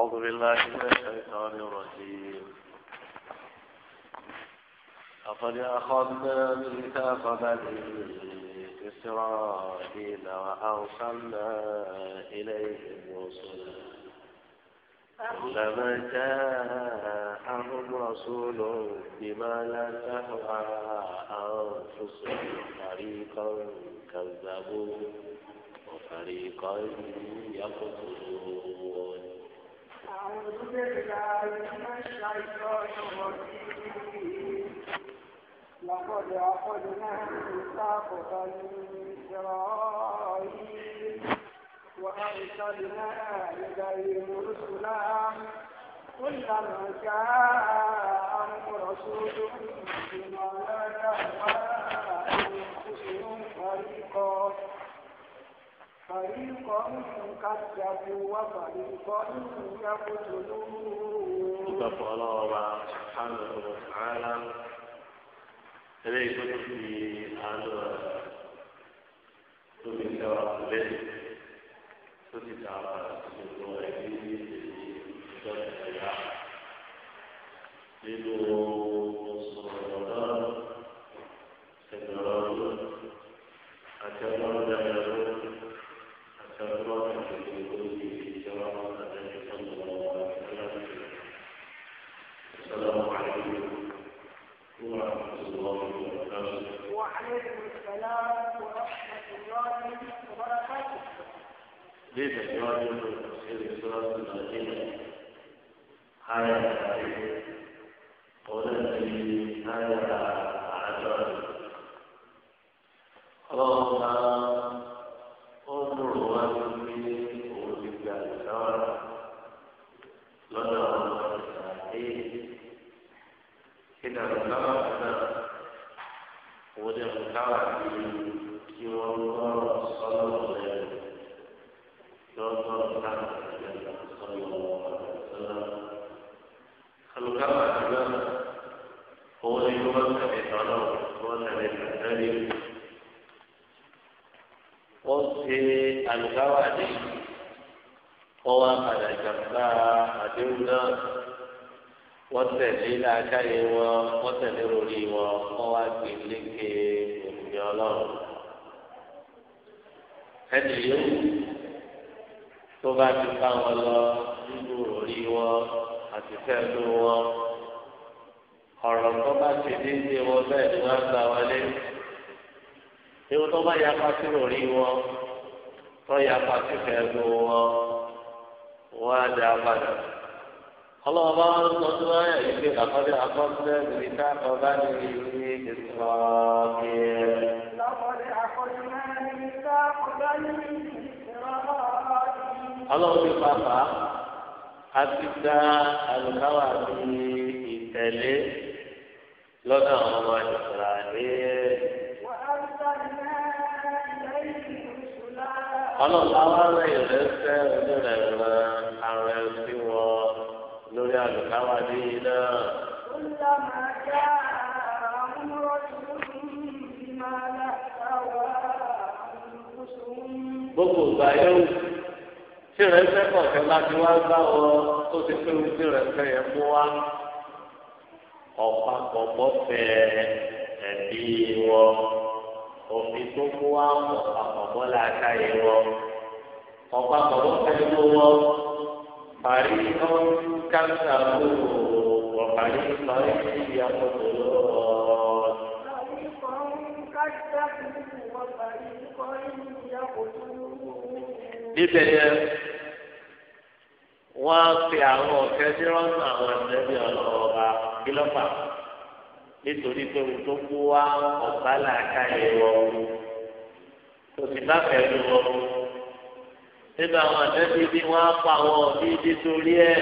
أعوذ بالله من الشيطان الرجيم لقد أخذنا ميثاق بني إسرائيل وأرسلنا إليهم رسلا كلما جاءهم رسول بما لا تهوى أنفسهم فريقا كذبوا وفريقا يقتلون أعوذ بالله من الشيطان الرجيم لقد أخذنا ميثاق بني إسرائيل وأرسلنا إليهم رسلا كلما جاءهم رسول بما لا تهوى أنفسهم فريقا Nígbà fún ọlọ́wọ́ bá ṣàkánù ọ̀rọ̀ sàárà eléyìí tó ti fi àánú rẹ̀ tó fi tẹ́wà lẹ́yìn tó ti tà á gbogbo rẹ̀ ní ìjọba ìyá nínú. كيف يواجه تفسير سورة الذين آية قول الذي آية àlùkáwà ní kọ́wá padà jàmbá àdéhùn náà wọ́n tẹ̀lé làákàyè wọn wọ́n tẹ̀lé orí wọn kọ́wá gbé lékè òmìnir ọlọ́run. ẹnì yóò tó bá ti bá wọn lọ nínú orí wọn àti fẹ́ẹ́lú wọn ọ̀rọ̀ tó bá ti dé ní wọn bẹ́ẹ̀ ni wọ́n gbà wọlé. ewu tó bá yapa sí orí wọn tọ́yà pàṣẹ fẹ́ẹ́ wọn wọn á dá padà. ọlọ́wọ́ bá wọn sọ sí wáyà yìí pé àkọ́dé àkọ́dé níbi tá a kọ́ bá ní ìwé ìsọ̀ kí ẹ. ọlọ́wọ́ ti pàpà á ti dá àlùkáwà bíi ìtẹ̀lé lọ́dọ̀ àwọn ọmọ ìsọ̀rọ̀ àdéhùn. ọlọ́run gbogbo ìgbà yẹn tí rẹ̀ fẹ́ kọ̀ọ̀kẹ́ bá ti wá gbá ọ tó ti pé ohun tí rẹ̀ fẹ́ yẹn mú wá ọ̀pá pọ̀pọ̀ fẹ́ ẹ̀bí wọn òfin tó kó wá pọ̀ àpapọ̀ láta yìí wọ ọ̀pọ̀ àpapọ̀ fẹ́ẹ́ ló wọ parí tó káńtà kó ọ̀parí sọ èyí ìyá kòtò lọ. níbẹ̀ yẹn wọ́n á àwọn ọ̀kẹ́ sí rọ́nà àwọn ẹ̀mẹ́bí ọlọ́wọ́ bá kí ló fà á nítorí pé ohun tó kú wá ọ̀bá làákà yẹn wọ kò sì bá fẹ́ẹ́ wọ. nínú àwọn àtẹ́bí bí wọ́n á pa àwọn òbí nítorí ẹ̀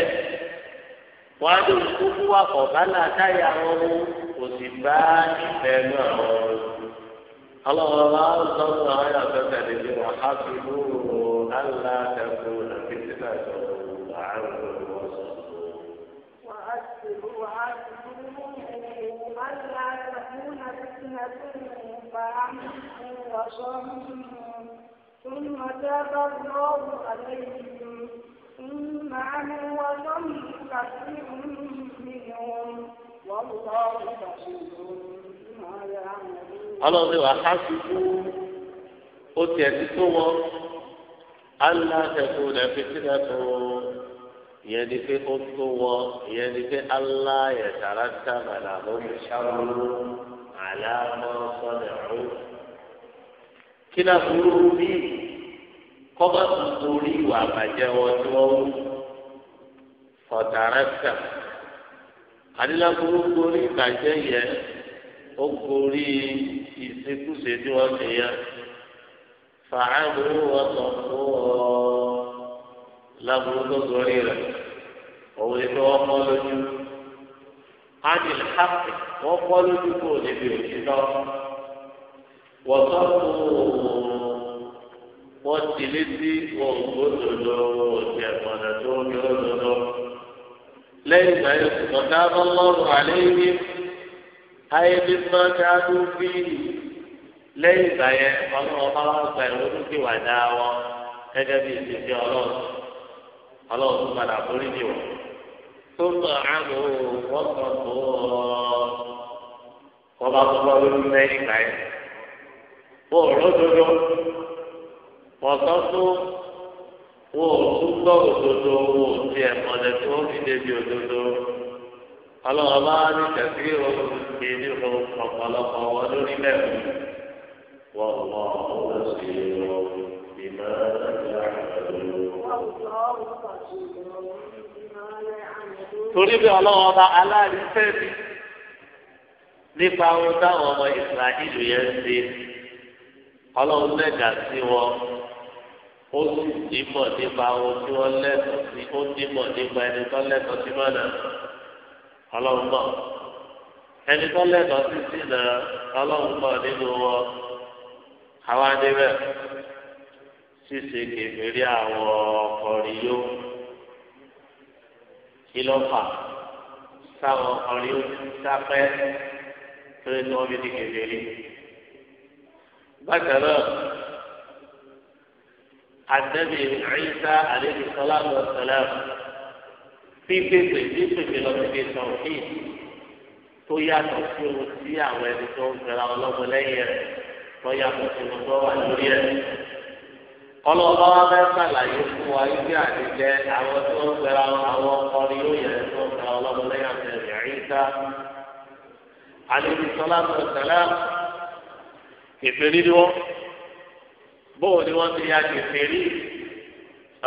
wọ́n á lòun tó kú wá ọ̀bá làákà yẹn àwọn ohun sì bá ìfẹ́ lù àwọn ohun. ọlọ́run ọba ó sọ fún àwọn ẹ̀yà tó tẹ̀lé bí wọ́n á ألا تكون فتنة فعم وصم ثم تاب الله عليهم ثم عموا وصم كثير منهم والله بصير بما يعملون. الله وحسبوا أتيت ثم ألا تكون فتنة ìyẹn ni pé ó tó wọ ìyẹn ni pé aláyẹ̀sára dábàdà ló ń ṣàwúrò àlámọ́ sọ́dọ̀ ọ̀hún. kí náà burú bí kọ́mọ́ tuntun rí ìwà àbàjẹ́ wọn tí wọ́n wù fọ̀tàrẹ́sà adílágbóró gorí ìbàjẹ́ yẹn ó gorí ìṣekúṣe tí wọ́n ti yẹn fàáhùn wọ́n sọ fún ọ láburú tó sórí rẹ̀ òun ni pé wọ́n kọ́ lójú ánìlì hàpì wọ́n kọ́ lójú kó níbi òtítọ́ wọ́n tọ́ kó wọ́n ti létí wọn kó dodo òtí ẹ̀gbọ́nà tó ń yọ dodo lẹ́yìn ìgbà yóò kò tọ́ dá lọ́rùn àlẹ́ yìí ayé bí má dá dúró bíi lẹ́yìn ìgbà yẹn ọlọ́run ọba wa gba ìwé lókè wà dá wọn gẹ́gẹ́ bí ìṣèṣẹ́ ọlọ́run ọlọ́run tó padà forí ni wọ́n tó mọ̀ àmọ́ wọ́n mọ̀ tó wọ́n bá tó bọ́ lórí lẹ́yìn ìgbà yẹn wọ́n òródodo wọ́n tó tó wọ́n òtútọ́ òdodo wọ́n ti ẹ̀mọ́ lẹ̀ tó ń fi débi òdodo ọlọ́run bá ní tẹ̀sí òun ti ní ọ̀pọ̀lọpọ̀ wọn lórí lẹ́kùn wọ́n wọ́n ó sì rọ̀ ìmọ̀ ẹ̀ torí bí ọlọ́wọ́ ọba aláàrífẹ́ mi nípa ohun táwọn ọmọ ìsirahílù yẹn ń ṣe ọlọ́run lẹ́gà sí wọn ó sì dìmọ̀ nípa ohun tí wọ́n lẹ́tọ̀ọ́ sí ó dìmọ̀ nípa ẹni tó lẹ́tọ̀ọ́ sí mọ́nà ọlọ́run mọ̀ ẹni tó lẹ́tọ̀ọ́ sí sí náà ọlọ́run mọ̀ nínú wọn àwa níbẹ̀ ṣíṣe kẹfìrí àwọn ọkọrin yó kí ló fà táwọn ọkọrin yó sápẹ́ lórí tí wọ́n fi di kẹfìrí. bákan náà àdẹ́bí Ìsá àlejò sọlá lọ sọlá pípépè pípépè lọ sí tọ̀hìn tó yàtọ̀ sí ohun tí àwọn ẹni tó ń fẹ́ra ọlọ́mọ lẹ́yìn rẹ̀ tó yàtọ̀ sí ohun tó wà lórí ẹ̀ ọlọ́ba wa fẹ́ sàlàyé fún wa ibi àdìjẹ àwọn tó ń gbẹra àwọn ọkùnrin yóò yẹ tó ń gbẹra ọlọ́mọ lẹ́yìn àtẹ̀lẹ̀ àyíká àlejò sọlá tó sẹlẹ̀ kẹfẹ́rí ni wọ́n bóun ni wọ́n ti ya kẹfẹ́rí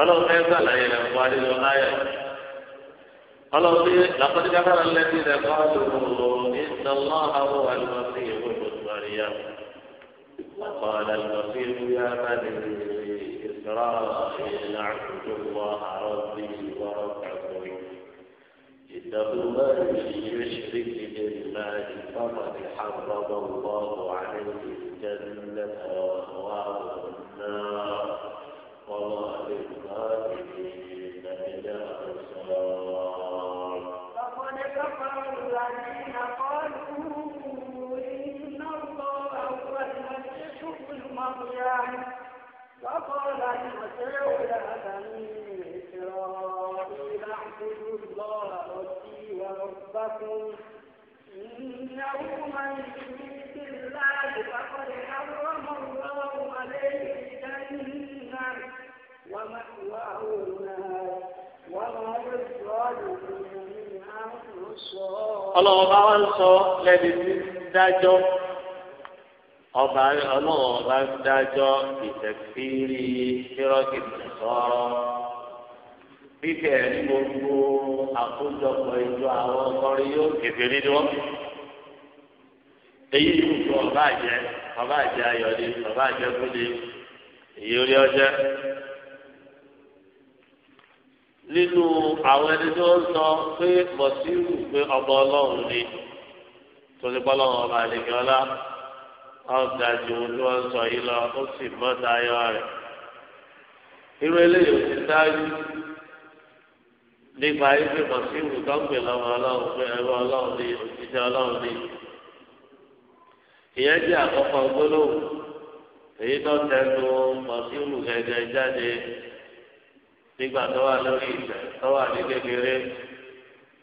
ọlọ́run fẹ́ sàlàyé rẹ̀ fún wa nínú ayọ̀ ọlọ́run ní làkọ́jú káfíńà lẹ́sí ní sọlá àwọn àlùmọ́sí ìwé ìwé ìwé ìwé ìwé ìwé ìwé إسرائيل نعبد الله ربي وربكم إنه من يشرك بالله فقد حرم الله عليه الجنة ومأواه النار وما للظالمين من أنصار فقد كفر الذين قالوا إن الله هو المسيح ابن مريم فقال المسيح يا بني إسرائيل اعبدوا الله ربي وربكم إنه من يشرك بالله فقد حرم الله عليه الجنة ومأواه النار وما للظالمين من أنصار. الله أنصار لذي الدجال ọba ọlọ́run ọba dájọ́ ìtẹ̀fírí fírọ́kì sọ̀rọ̀ fífẹ́ ní gbogbo àkójọpọ̀ ìjọ àwọn ọkọrin yóò kéde nínú wọn. èyí yóò fún ọba àjẹ ọba àjẹ ayọ̀dẹ ọba àjẹ fúnni èyí orí ọjẹ. nínú àwọn ẹni tó ń sọ pé mọ̀síwù pé ọba ọlọ́run ni tó ti bọ́ lọ́wọ́ ọba àlejò ọlá ọ̀gá ju ohun tí wọ́n sọ yìí lọ ó sì bọ́ tayọ rẹ̀. irú eléyìí ti dájú nípa ife mọ̀síwù tọ́gbìn lọ́wọ́ ọlọ́run pé ẹ̀rọ ọlọ́run ní òṣìṣẹ́ ọlọ́run ní. ìyẹn jẹ́ àkọ́kọ́ gbólóhùn èyí tó tẹnu mọ̀síwù gẹ́gẹ́ jáde nígbà tó wà lórí ìtẹ̀ tó wà ní kékeré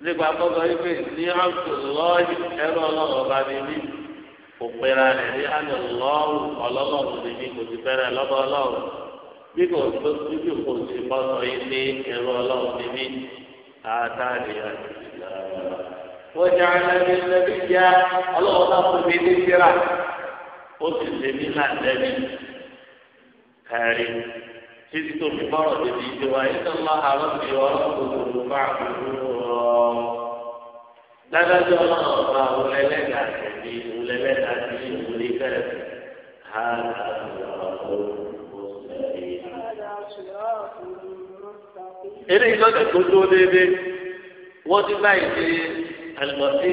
nípa kọ́kọ́ ife ní Abdullahi ẹ̀rọ ọlọ́run ọba ní mí. òpèrè rẹ̀ ní àmì ọlọ́run ọlọ́run ní ní kò ti bẹ̀rẹ̀ lọ́dọ̀ ọlọ́run bí kò tó kò sí bọ́sọ̀ yìí ní ẹ̀rọ ọlọ́run ní wọ́n jẹ́ lẹ́bí ọlọ́run náà fún mi ní ó sì lè títí tó fi bọ́rọ̀ ìjọba ìtàn máa àrùn dájọ́ náà ọba òlẹ́lẹ́dà tẹ̀lé òlẹ́lẹ́dà tẹ̀lé òlẹ́ bẹ́ẹ̀ ha àlọ́ òṣèlè. eré ìjọba tó tó déédé wọ́n ti báyìí ṣe àlùmọ́sí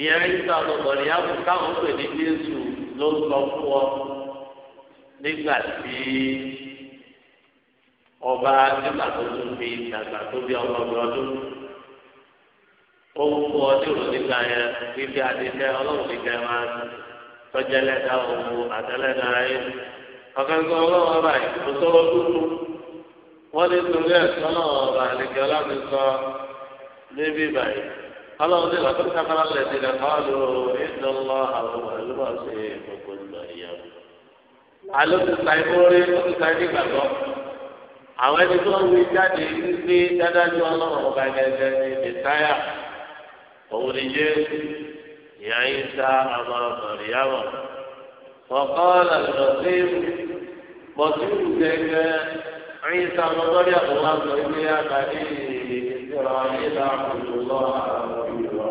ìyẹn ìta ọ̀dọ̀dọ̀rẹ́ yàgò káwọn pè ní jésù ló ń sọ fún ọ nígbà tí ọba nígbà tó tún fi dàgbà tó bí ọmọ ọdún. ohun fún ọdún òdìgbà yẹn bíbí adìgbẹ ọlọ́run dìgbẹ máa tọ́jẹ́lẹ́dá òun àtẹ́lẹ́dá ayé ọ̀gángán ọlọ́run ọba dúdú wọ́n ní náà ọba àlejò ọlọ́run sọ níbí báyìí ọlọ́run ní ìlọ́tún sábàá lẹ́sìn àwọn sí ìgbà ìyàwó. ti sa ìmúrí ó ti sa àwọn ẹni tó ń wí jáde ní dáadáa ju ọba ní òun ni jésù ìyá yín sá àmọ́ mọ̀ríyáwọ̀ ọ̀kọ́ làlọ́ sí bọ̀túù gẹ́gẹ́ ẹ̀yìn sá àmọ́ lórí àwọn àgbà ilé àgbàdì ìṣẹ̀rọ̀ ìlà àkùnjùlọ àwọn ìlú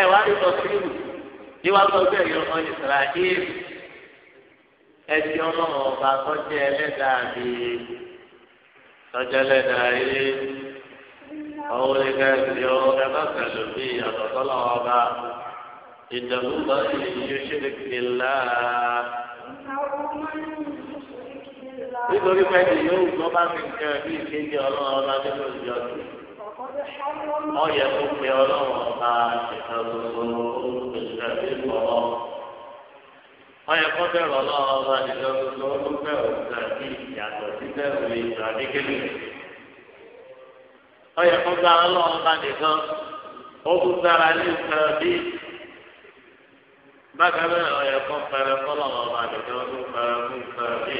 ẹ wá ní bọ̀túù ní wàá sọ bẹ́ẹ̀ yọ ọmọ ìsirahìlì ẹbí ọlọ́run ọba kọjá ẹlẹ́dàá mi tọ́jà ẹlẹ́dàá yé ọwọ́ lè ká ẹbí ọ ẹbá kàlù bí àtọ̀tọ́lọ́ ọba ìdàgbò bá yíyó ṣẹlẹ̀kì ńlá. nítorí pé ẹni yóò gbọ́ bá mi kẹ́ bí ìkéjì ọlọ́run ọba nínú ìjọ tó. ọ̀yẹ̀ kó pe ọlọ́run ọba ìkàgbọ́n ó ń pèsè ẹ̀mí pọ̀ ọyẹ kọ bẹ̀rù Ọlọ́run ọba nìkan lọrọ bẹ̀rù gàdí ìyàtọ̀ sí bẹ̀rù ìgbà nìkẹlẹ ọyẹ kọ bá Ọlọ́run ọba nìkan ó kú sára ní ìgbàlá bí bákan náà ọyẹ kọ pẹrẹ fọ́lọ́run ọba nìkan ó kú pẹrẹ fún ìgbàlá bí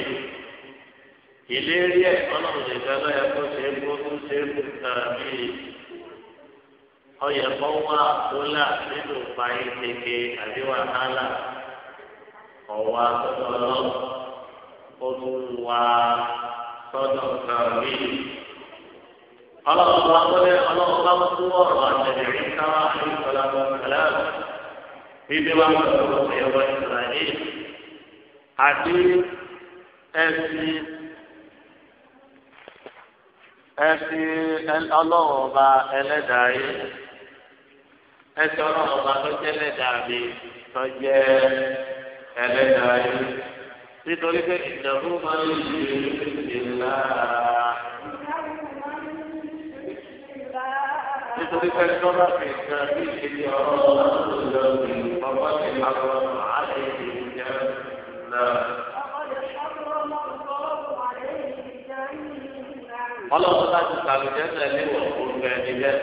ìlérí ẹ Ọlọ́run nìkan lọyẹ kọ ṣe é kó tún ṣe é kó sára bí ọyẹ kọ wá kó là nínú ìpàyẹ kéke àbí wàhálà ọ̀wá sọ́dọ̀ lọ ó tún wá sọ́dọ̀ kàwé. ọlọ́run bá wọlé ọlọ́run bá kú ọ̀rọ̀ àtẹ̀lẹ̀ rí káwá ní ìfọlábọ̀ kàlá ìdí wa kọ̀ ọ̀rọ̀ ẹ̀rọ àti ẹ̀sìn ẹ̀sìn ọlọ́run ọba ẹlẹ́dàá yìí tó jẹ́ ẹlẹ́dàá mi tó jẹ́ ẹlẹ́dàá yìí nítorí pé ìdàgbò máa ń ṣe ìlà. nítorí pé lọ́dọ̀ fi kan bí ìṣèlú ọ̀rọ̀ lọ sí ọmọ ti àwọn àlẹ́ ìjà náà. ọlọ́run láti sàlùjẹ́ tẹ̀lé wọ̀ fún ẹni bẹ́ẹ̀.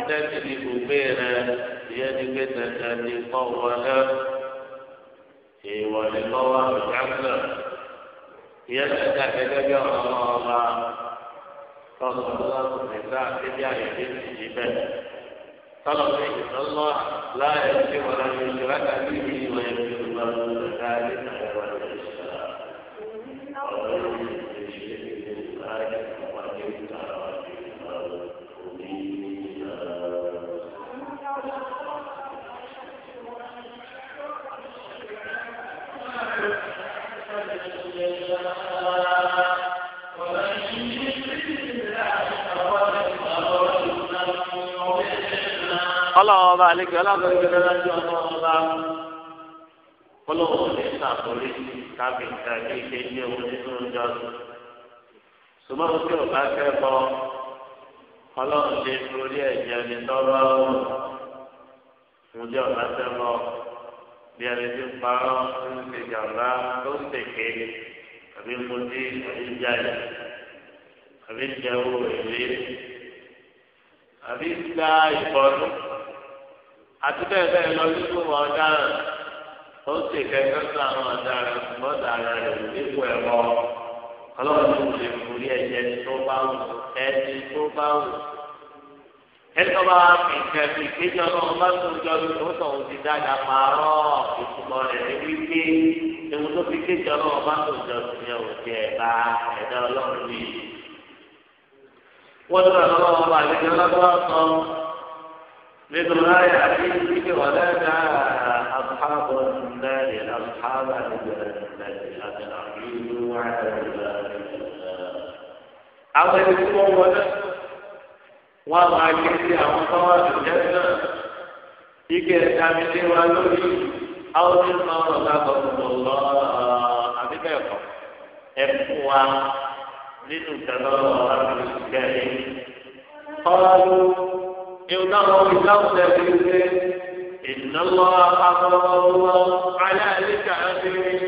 ilé ti di gbogbo rẹ̀. بيدك الذي طول في ولقوى الحمد يدك كتب الله فضل الله النساء تبيع يدين الجبال طلب الله لا يمشي ولا يشرك به ويمشي الله ذلك ọlọ́wọ́ ọba àlejò ọlọ́wọ́ ìgbẹ́ lọ́jọ́ ọlọ́wọ́ ọba ọlọ́wọ́ ní sàkórí tàbí tàbí ìṣe ní owó nínú ọjọ́ ṣùgbọ́n tí ò bá kẹ́kọ̀ọ́ ọlọ́wọ́ ṣe lórí ẹ̀jẹ̀ ní tọ́lọ́ ọ̀hún jẹ́ ọ̀bá tẹ́lọ̀ bí ẹni tí ń parọ́ ń ṣe jàmbá tó ń tèké àbí ń mutí àbí ń jáde àbí ń owó èlé àbí ń dá àti bẹ́ẹ̀ bẹ́ẹ̀ lọ nínú ọ̀daràn ó sì kẹ́kẹ́ sí àwọn ọ̀daràn ọ̀daràn rẹ̀ nípò ẹ̀rọ ọlọ́run ló lè forí ẹ̀jẹ̀ tó bá wù ẹni tó bá wù. ẹni tó bá wà fi kẹ́kẹ́ ìgbéjọ náà bá tó jọ ní tó sọ̀rọ̀ ti dáadáa pààrọ̀ ìtumọ̀ rẹ̀ ní wípé ewu tó fi kéjọ náà bá tó jọ sí ẹ̀ ò jẹ́ ẹ̀dá ọlọ́run مثل آية حديثك ولا أصحاب النار أصحاب الجنة أتنعيد على àwọn ẹni tí wọn wọlé wọn máa ké sí àwọn tọwọ àtúnjẹ náà ike ẹ̀ka mi lé wa lórí àwọn tí wọn máa wọn lábọ gbogbo lọ àbí bẹ́ẹ̀ kọ́ ẹ fún wa nínú ìtàn lọ́wọ́ àwọn olùkẹ́rin kọlu ìwúdáwọn ìdáhùn tẹ̀lé ṣe ìnáwó àkọ́kọ́ alẹ́ àlẹ́ kàá ṣe é.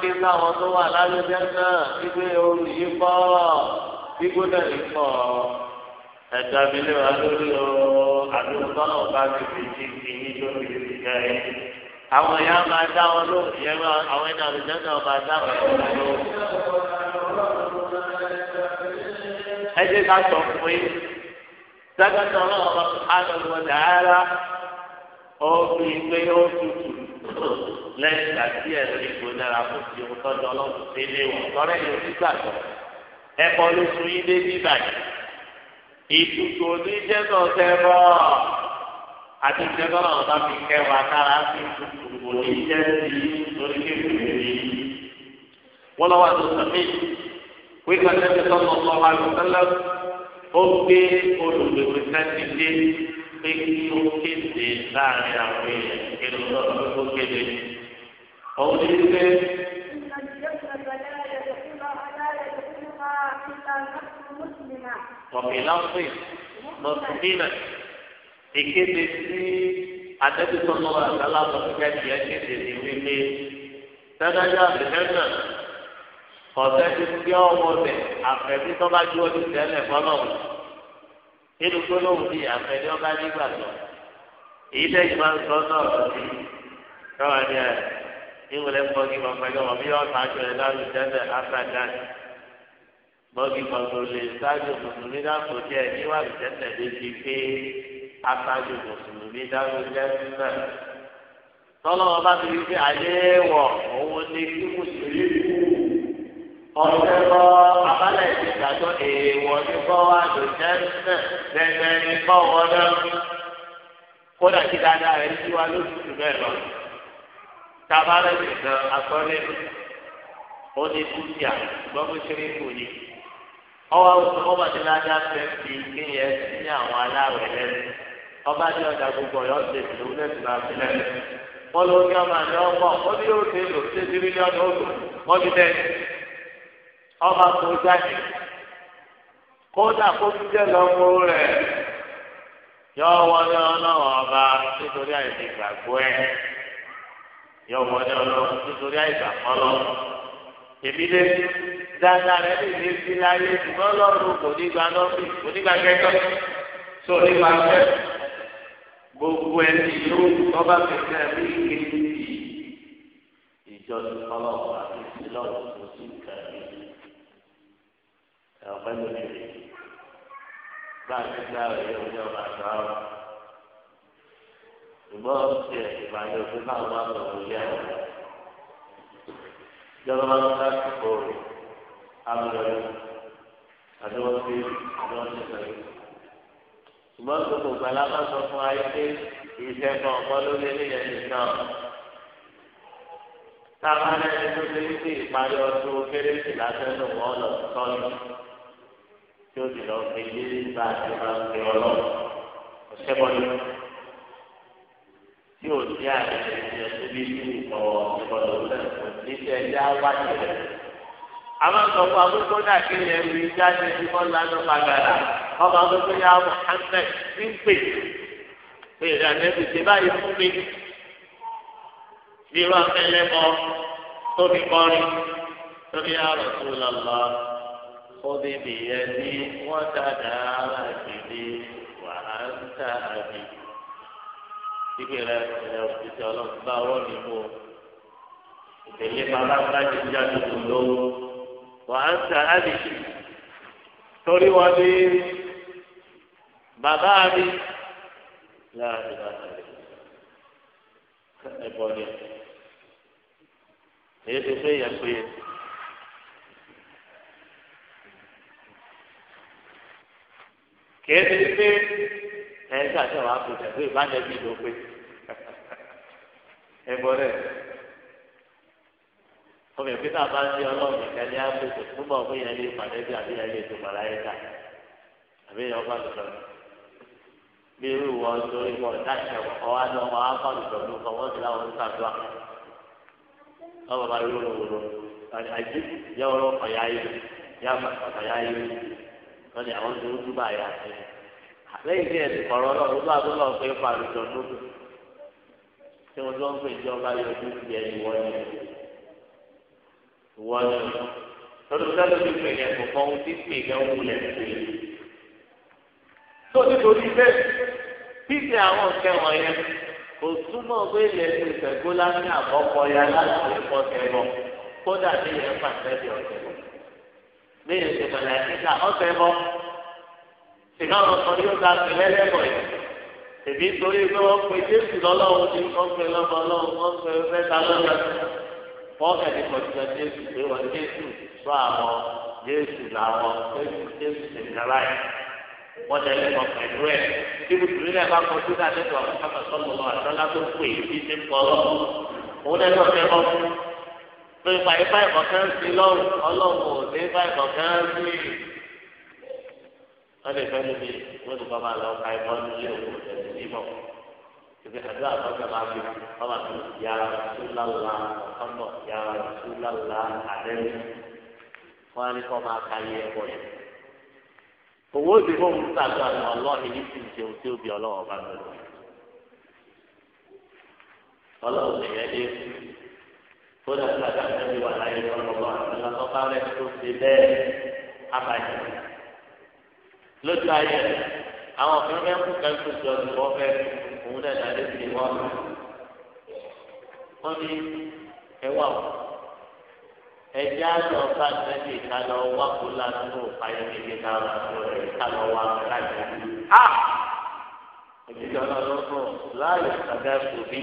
ké sáwọn tó wà lálẹ́jẹ́ náà wípé oru yìí pọ̀ gbígbóná yìí pọ̀ ẹ̀dá mi lè wá lórí o àdúgbò tọ́lọ̀ bá mi fi ti fi yín lórí ìdíjẹ́ yìí. àwọn ìyá máa dá wọn ló ìyẹn máa àwọn ẹ̀dá àlùjẹ́ náà máa dá wọn ló. ẹ jẹ́ ká sọ fún yín sẹ́kẹ̀tì ọlọ́run ọ̀pọ̀ àdàlùwọ̀n dàárà ó fi gbé ó tutù lẹ́yìn ìgbà tí ẹ̀rí gbónára kò fi ohun tọ́jú ọlọ́run sí ilé wọn tọ́rẹ́ yóò ti gbàgbọ́ ẹ̀kọ́ ló sun yín dé bí báyìí ìtùtù oníjẹ́sọ̀ sẹ́rọ̀ àti ìjẹ́sọ̀ náà bá fi kẹwàá kára sí ìtùtù oníjẹ́sì lórí kékeré yìí wọ́n lọ́wọ́ àti sàmì wípé ẹ̀sẹ̀ sọ́nà ọ̀sán àlùfẹ́lẹ́ ó gbé olùgbèwé sẹ́ńtì dé pé kí ó kéde láàrin àwọn èèyàn kí ló lọ́ọ́ òun ní pé. Wọ̀mìláfín mọ̀tòmínà ìkéde sí adébísọ́nù àgbàlagbà gẹ́gẹ́ bí ẹ̀kéde ní wípé sẹ́dájà àbẹ̀lẹ́nà kọ̀ọ̀tẹ́ ti gbé ọmọ rẹ̀ àfẹ́bí tó bá ju ọdún tẹ́lẹ̀ fọlọ́wọ́ nínú gbólóhùn bíi àfẹ́bí ọba nígbàgbọ́ èyí tẹ́yìn máa ń sọ náà lọ́sí káwọn ní ẹ̀ ìwòlẹ̀ bọ́ọ̀gì pàpàgẹ́ wọn bí wọ́n sáájú rẹ̀ láti tẹ́lẹ̀ áfàdán bọ́ọ̀gì pàpàgẹ́ lè sáájú mùsùlùmí dáàbò jẹ́ níwà tẹ́lẹ̀ débi pé áfàdán mùsùlùmí dáàbò jẹ́ sílẹ̀. tọ́lọ́wọ́ bá ti rí pé àyẹ̀wò òun ni kí mùsùlùmí kú ọ̀sẹ̀ kọ́ abálẹ̀ ìgbàgbọ́ èèwọ̀ ní kọ́ wá lò jẹ́ sílẹ̀ bẹ́ẹ̀ náà kódà kí dáadáa rẹ̀ síwájú tuntun bẹ́ẹ̀ lọ. tábàlẹ nìkan akọlẹ ó ní dúkìá gbọmú ṣeré kò ní ọwọ́ àwọn ọba tí ládàá fẹẹ fi kéèyàn sí àwọn aláwẹ lẹ́nu ọba tí ọjà gbogbo ọyọ ṣe ìlú lẹsùn àti lẹ́nu wọn ló ní ọmọ àti ọmọ wọn ní yóò ṣe lò ṣe ti yọ ọmọdé ọlọ́run nítorí àìgbà kọlọ èmi lé dáadáa rẹ lè lé sí láyé ṣùgbọ́n ọlọ́run kò ní gba lọ́ọ̀bì kò ní gba kẹ́kọ̀ọ́ tó ní gba fẹ́ gbogbo ẹni yóò ọba kẹsẹ̀ rí kékeré ìjọ ọlọ́run àti ìlọ́run kò sí nǹkan rí ẹ̀ ọ̀pẹ́ lónìí bá a ọjọ́ àgbà ọ̀rọ̀ ṣùgbọ́n ṣe ìgbà yẹn òfin náà máa ń lọ ilé àwọn ìjọba máa ń ká ìkó amúlẹ̀ àdéhùn sí àdéhùn sí ìgbàlẹ̀. ṣùgbọ́n gbogbo gbala máa sọ fún ayé pé iṣẹ́ kan ọ̀pọ̀ lórí eléyẹn nìkan. táwa náà ẹni tó ṣe ní sí ìparí ọdún kérésì lásán ló lọ sọ́ọ̀lù tí ó sì lọ fi yé nígbà tí wọ́n fi ọlọ́ọ̀ ọ̀ṣẹ́bọ̀lù tí o ti àyè ìṣẹ̀lẹ̀ tó bí sí ìtọ̀wọ̀ ìbọ̀lọ̀ rẹ̀ níṣẹ́ ẹja wá jẹ̀rẹ̀. àwọn ìtọ́kọ̀ àbúkọ́ náà kí ni ẹ̀rù ìjáde tí wọ́n lánà pàgàrà ọba àbúkọ́ yà wọ́n hànfẹ́ sí ń pè pé ìrànlẹ́ ti ṣe báyìí fún mi. bí wọ́n fẹ́ lẹ́mọ tóbi kọrin tóbi àrò tó lọ́lọ́ kóbi bìyẹn ní wọ́n dáadáa rà sí ni wàhálà àbí síbi rẹ ẹ òṣìṣẹ́ ọlọ́run bá ọwọ́ mi mú o ìtẹ̀lé bàbá gbájú jáde lòlò wà á ń ta àdìsí torí wọn ní bàbá mi láàrin láàrin ẹ̀bọ ni èyí ti fẹ́ yẹ pé. kìí ṣe pé ẹ̀ ń ṣàṣẹ wàá kó tẹ̀ pé ẹgbọrẹ ọmọ ìpínlẹ̀ bá ń nìkan ní áfíríkà túbọ̀ fún yẹn lè ya àbí yẹn lè tó màláyé ká àbí yẹn ọba bí irú ọmọ afọ ló kọ wọn sì láwọn ń sàdúrà yóò àjí yẹ ọyà yìí yà má ọyà yìí wọn ni àwọn tó ń yà sí tí ẹ ti kọrọ tí wọn tó ń pè jọba yọjú ti ẹni wọlé wọlé lọ́dún sáré ti pè ní ẹ̀kọ́ kan ti pè ní ọ̀húnlẹ̀ pè é. tó nítorí bẹ́ẹ̀ títí àwọn kẹwọn yẹn kò túmọ̀ pé ilẹ̀ ti ìfẹ̀gbó láti àkọ́kọ́ ya láti ìfọ́ tẹ̀bọ̀ kódà bí ilẹ̀ pàṣẹ bí ọ̀tẹ̀ bọ̀. bí ìṣèpẹ̀lẹ̀ kíkà ọ̀tẹ̀ bọ̀ ṣìkà ọ̀rọ̀ yóò ga sílẹ̀ yìí tèmi torí pé wọ́n pe jésù lọ́lọ́run ní wọ́n pe lọ́mọ lọ́run wọ́n pe mẹ́ta lọ́run wọ́n kẹ́ni kọ̀ọ̀tìyà jésù pé wọ́n jésù sọ àwọn jésù làwọn jésù jésù tèmínàlá yìí wọ́n tẹ̀lé kọ pẹ̀lú ẹ̀ tí mùsùlùmí náà bá kọ sí àtẹ̀tọ̀ àkọ́kọ́ sọ́mọ lọ àtọ́lá tó pè é bí ṣe ń kọ́ lọ òun náà lọ fẹ́ lọ́wọ́ pé ìpàdé báyìí kọ̀ọ̀kan sí lọ́rùn ọlọ́run ò wọ́n lè fẹ́ lómi wọ́n lè bàbá lọ ka ẹ̀kọ́ nílé òkú ẹ̀sìn mímọ́ ìgbẹ́ àdúrà àkọ́kọ́ máa fi bàbá tó ya sùlálà ọ̀kọ́nà ya sùlálà àdẹ́rù wọ́n á ní kọ́ máa ka yẹ ẹ̀kọ́ yẹn. owó ìdìbò ń tàgbà ní ọlọ́ọ̀hìn ní ti jẹun tí ó bí ọlọ́wọ́ bá lọ. ọlọ́wọ́ sì yẹ dé kódà tí a bá tẹ̀lé wà láyé lójú ayé àwọn kan fẹ́ kú kan tó jọ ní wọ́n fẹ́ òun náà dàdé sí wọn. wọ́n ní ẹ wà wọ́n ẹjẹ àlọ ọba nẹbi kálọ wà kó lánàá òfàyè kékeré kálọ rẹ kálọ wà láti ha òjijì ọlọ́lọ́rọ̀ láàyè kàdá ìfòbí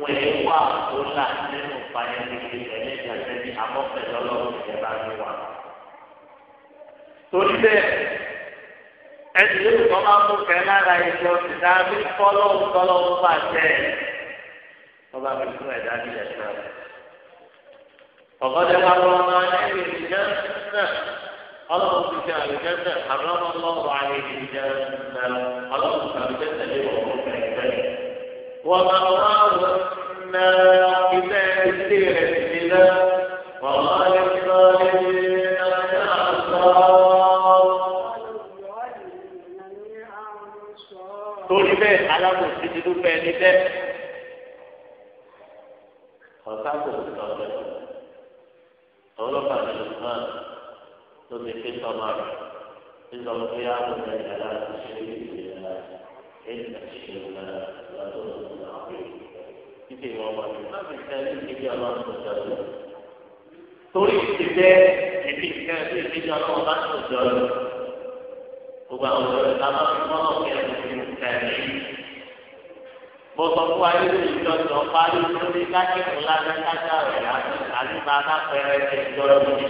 wọn ẹ wà kó lánàá òfàyè kékeré ẹlẹ́dàá nẹbi amọ́fẹ́ lọ́lọ́rọ̀ ìjẹba ni wà torí bẹ́ẹ̀ ẹni yóò kọ́ máa mú kẹ́ lára ìjọ ìdá bí kọ́lọ́hún kọ́lọ́hún bá jẹ́ ọba mi fún ẹ̀dá nílẹ̀ náà. ọ̀gọ́dẹ wa lọ máa ní ìrìnjẹ́ náà ọlọ́run ti fi àrùjẹ́ náà àrùn ọlọ́run àrùn ìrìnjẹ́ náà ọlọ́run ti àrùjẹ́ náà lé fún ẹ̀gbẹ́. wọ́n máa wá wọ ilé ilé bẹ́ẹ̀ alábòsí ti dún bẹ́ẹ̀ ní bẹ́ẹ̀. ọ̀sán kò sí ọ̀rẹ́ ọlọ́pàá ní lùsùmán ló ti fi sọmọ rẹ̀ nígbà wọn fi yára lọ́wọ́ ẹ̀yà láti ṣe é ìṣe ẹ̀ ẹ̀yà ṣe é lọ́dọ̀ ọ̀sán àpè. títí ìwọ̀n wọn ni má fi sẹ́ ní ibi ọlọ́run tó jọ lọ. torí ti bẹ́ẹ̀ ẹ̀mí ìkẹ́ gbogbo àwọn ọ̀rọ̀ ìta máa fi mọ́nà kí ẹ̀ lóṣù tẹ̀lé. mo sọ fún wa nínú ìjọsìn ọ̀pá nínú ní kákẹ́kọ̀ọ́ lásán kájà rẹ̀ lásán àti máa ká pẹ̀rẹ̀ ẹ̀ jọ lórí.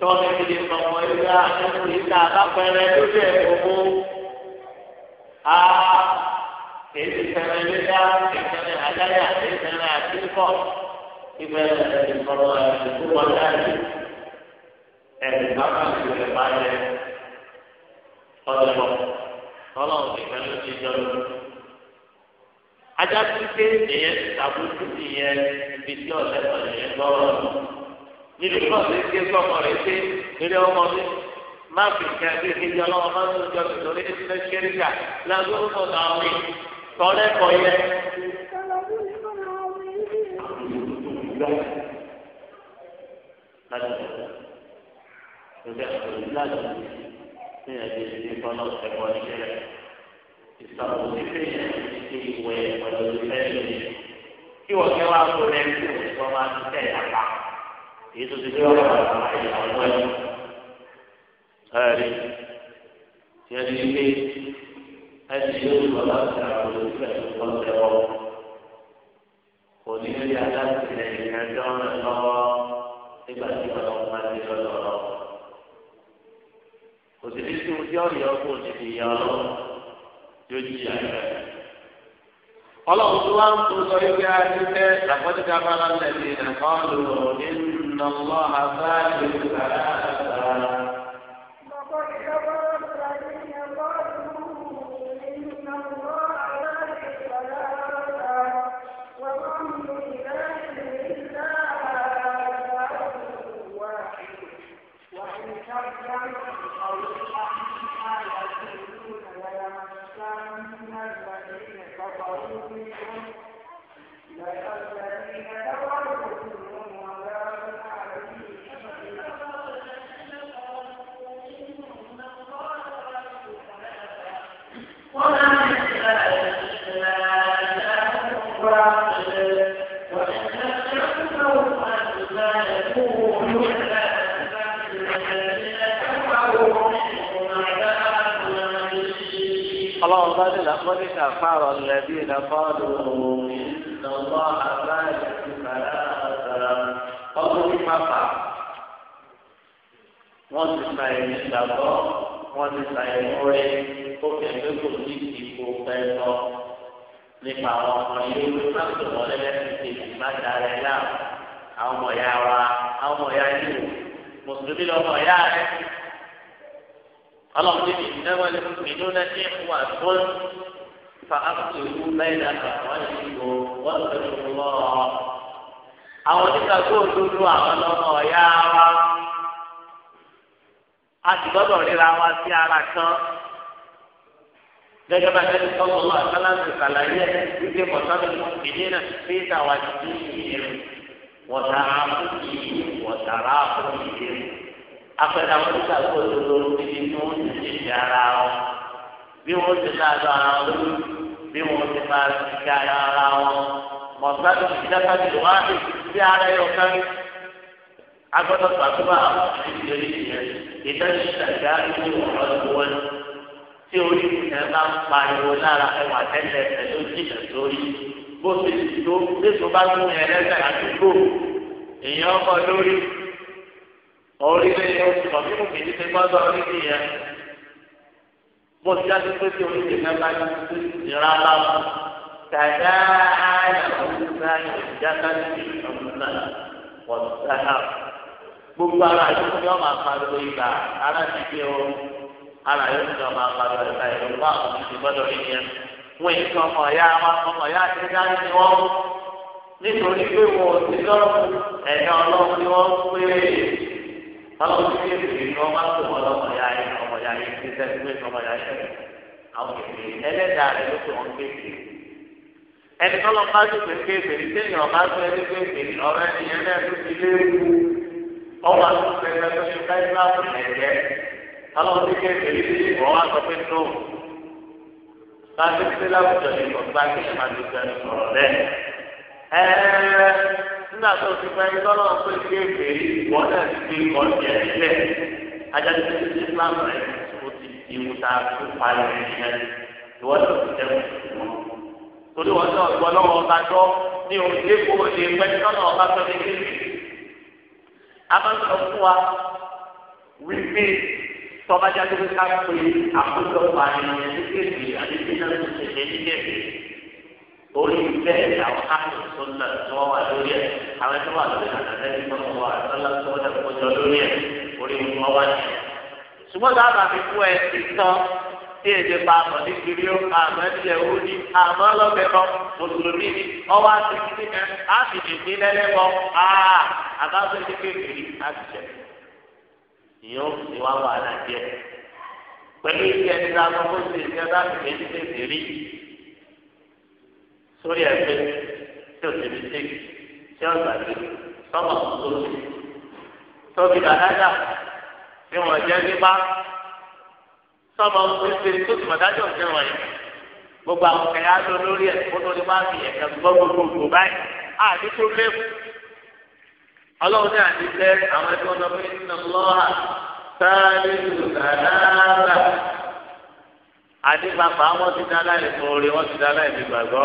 tọ́lá ti di ọmọ ilé àtúntò ìta ká pẹ̀rẹ̀ lórí ẹ̀ gbogbo. a ah, èyí pẹ̀rẹ̀ lórí àtẹ̀sẹ̀rẹ̀ àdáyà àtẹ̀sẹ̀rẹ̀ àtìkọ́ ìbẹ̀rẹ̀ ẹ̀ ọlọ́wọ́ ọlọ́wọ́ nìkan ló ti jọ lọ. ajá tó ké èyẹ tàbúrú ìyẹn ibi tí ọ̀lẹ́ ọ̀lẹ́ yẹn gbọ́ ọ́ nínú náà lè ké sọ́kọ̀ rẹ̀ pé eré ọmọ mi má fi kẹ́ ẹ́ kí ìjọ lọ́wọ́ má tó jọ nítorí ẹsẹ̀ ṣẹ́ríkà lágbóró sọ̀tà ọ̀rẹ́ tọ́lẹ́kọ̀ yẹ. Láti ọ̀dọ̀ ìlú láti ọ̀dọ̀ ní ẹ̀jẹ̀ ẹ̀kọ́ níṣẹ́ ìsọ̀rọ̀ òṣìṣẹ́ yẹn ti ìwẹ̀ pẹ̀lú ìfẹ́ mi kí wọ́n kẹ́ wá kó lẹ́yìn tí wọ́n máa ti tẹ̀ yàtà èyí tó ti gbé wọn lọ àwọn ìyàwó ẹ̀ ẹ̀rí tí ẹni ilé ẹni yóò lọ láti àwọn olùfẹ́ tó ń tẹ̀wọ́ òní lórí aláṣẹ ìrìn lọ́wọ́ nígbà tí wọn máa ti lọ́dọ̀ lọ́wọ́ òsèlè tí o ti ọ̀yọ́ kó tètè yọ ọ́ tí ó jìyà rẹ̀. ọlọ́run tó wá ń tó sọ yóò gbé adé bá lọ́lẹ̀ ní ìdàkọ́ lò ó nínú ọlọ́run àbáyé ìgbàlá. ọlọ́run bá dé lọ́kọ́ ní kàfáàrọ̀ lẹ́bí ìdákọ́ọ̀dù òun ìnáwó àbáyé ìbára ọdún ní pápá wọ́n ti sa ẹ̀yìn ìgbàgbọ́ wọ́n ti sa ẹ̀yìn orí ó fi ẹ̀gbẹ́ kò ní ìdìbò pẹ́ẹ́tọ́ nípa àwọn ọmọ yìí ó ló sábà wọ́n lẹ́lẹ́sìn kejì má darẹ̀ láà àwọn ọmọ ya àwọn ọmọ ya yìí mùsùlùmí lọ́mọ ya ọlọ́run ní ìdáwọ́ ilé ìlú náà ní ìwà tó ń fa àkùtù bẹ́ẹ̀ náà àwọn ìdìbò wọ́n ti tẹ̀sán lọ́wọ́. àwọn onígbà tó dúdú àwọn ọmọ ọ̀yá wa a sì gbọ́dọ̀ ríra wa sí ara kan gẹ́gẹ́ bá tẹ́lẹ̀ sọ́kọ̀ lọ́wọ́ àtàlàǹtì sàlàyé wípé mọ̀tàbí ìdí náà fi ìdáwà sí ìyẹn wọ̀tàrà fún ìyẹn wọ̀tàrà fún ìyẹn apẹ̀lẹ̀ àwọn onígbà tó lòlò níbi tí wọ́n ti ṣe ti ara wọn bí wọ́n ti máa lọ ara wọn lórí bí wọ́n ti máa ti ga ara wọn mọ̀tàdé ìdáfàdé wọn á ti ara yọ kán agbọ́dọ̀ pàtúbà ìdílé yẹn ìdájọ́ ìdájọ́ ìdílé wọn lọ́dún wọn tí orí ìpínlẹ̀ bá ń pariwo lára ẹwà tẹ́lẹ̀ pẹ̀lú jìnnà sórí bó ti tó bí tó bá tún yẹn lẹ́sẹ̀ àdúgbò èèyàn kọ lórí. orílẹ̀ yẹn oṣù mọ̀ mímú mi ní pé gbọ́dọ̀ orílẹ̀ yẹn bó ti dájú pé kí orílẹ̀ yẹn bá ti tó ìnira bá mu tàdá àyà sí gbogbo ara yóò ní ọmọ àpariwo ara ti gbé o ara yóò ní ọmọ àpariwo ibà wá ti gbọ́dọ̀ yẹn wọ́n yìí sọ ọmọ ọ̀yá wa ọmọ ọ̀yá ti dájú ni wọ́n nítorí pé ọlọ́run ti fi èdè ní ọba tó wọn lọ́mọ ya yẹ ọmọ ya yẹ ti sẹ́ni pé ọmọ ya yẹ àwọn èdè ẹlẹ́dàá rẹ̀ ló tó wọn kéèké ẹni tọ́lọ́ bá tó pé kéèké ní sẹ́yìn ọba tó ẹni kéèké ní ọ̀rẹ́ ni yẹn náà tó ti lé wu ọwọ́ àtúntò ẹgbẹ́ tó ṣe ká ìlú àwọn ẹ̀jẹ̀ ọlọ́run ti kéèké ní ti ìwọ́ wá sọ pé tó láti fi láwùjọ ní ọgbà kí ẹ nígbà tó ti fẹ́ lọ́nà pé kí èké wọ́n náà ti fi ọ̀jẹ̀ sílẹ̀ ajáde tó ti islam rẹ̀ ó ti di musa tó parí ẹ̀yẹn ìwọ́n náà ti jẹ́ mùsùlùmí. torí wọn náà gbọ́ lọ́wọ́ ọba tó ní òun dé kó o lè pẹ́ lọ́nà ọba tó ní kí a máa ń sọ fún wa wípé tọ́ba ká pé àkójọpọ̀ àyẹ̀wò ní kéde àdébíyàn tó ṣẹ̀ṣẹ̀ ní kéde orí bẹ́ẹ̀ làwọn áàpù sọ́nà tí wọ́n wà lórí ẹ̀ àwọn tí wọ́n wà lórí àtàlẹ́bí tó wà sọ́nà tí wọ́n dẹ̀ kọjọ lórí ẹ̀ orí wọn wá ní. ṣùgbọ́n tá a bá fi kú ẹ sísan tí èdè pa àmọ́ ní kiri ó àmọ́ ní ẹ̀wọ́ ní àmọ́ lọ́bẹ̀ bọ́ mùsùlùmí ni ọwọ́ àti kiri kan á sì lè ní lẹ́lẹ́bọ̀ áà àbáṣe ní kékeré á jẹ. ìyẹn ó sì wà láti ẹ pẹ̀lú ìṣẹ́ sórí ẹgbẹ́ tí o ti fi ṣe tí o gbà dé sọmọ tó ti tóbi dàdájà tí wọn jẹ nípa sọmọ tó ti tó ti mọdájọ ti wọn yìí gbogbo àwọn kẹyà lọ lórí ẹ kó tó ní bá fi ẹkẹ gbọ́ gbogbo báyìí àti tó léwu ọlọ́run náà ti fẹ́ àwọn ẹgbẹ́ ọ̀nà fún ìdílé lọ́wọ́ sááré lùdàdàdà àdìgbàpá wọn ti dá láì fún orí wọn ti dá láì fi gbàgbọ́.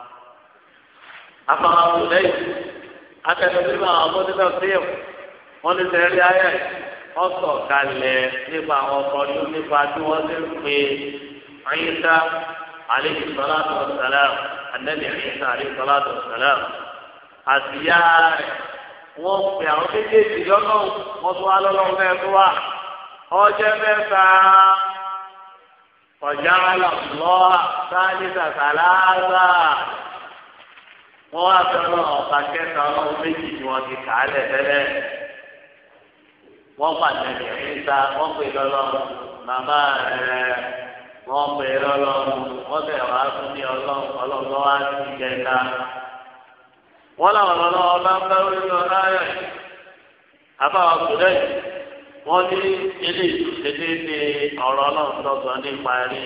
afahàn lẹ́yìn atẹnudí náà àwọn mọ́tẹ́tà fíìm wọ́n ti tẹ̀lé ayé wọ́n sọ̀ kalẹ̀ nípa àwọn ọkọ̀ yóò nípa tí wọ́n ti pè ayíṣá aleyhi salatu wa salam anabi ayíṣá aleyhi salatu wa salam àtìyá rẹ̀ wọ́n pè àwọn méjèèjì lọ́nà wọ́n tún wá lọ́nà bẹ́ẹ̀ tó wà ọjọ́ mẹ́ta ọ̀jà lọ́wọ́ sáà ní sàkàlà wọ́n wá fẹ́ lọ ọ̀pá kẹta ọlọ́run méjì tí wọ́n ti kà á lẹ̀ tẹ́lẹ̀ wọ́n pàṣẹ níta wọ́n pè lọ́lọ́run màmá wọ́n pè lọ́lọ́run wọ́n bẹ̀ wá fún ní ọlọ́run wá sí kẹta wọ́n làwọn bá ń àbáwọ̀ wọ́n ní ilé ní ọ̀rọ̀ ọlọ́run nípa rí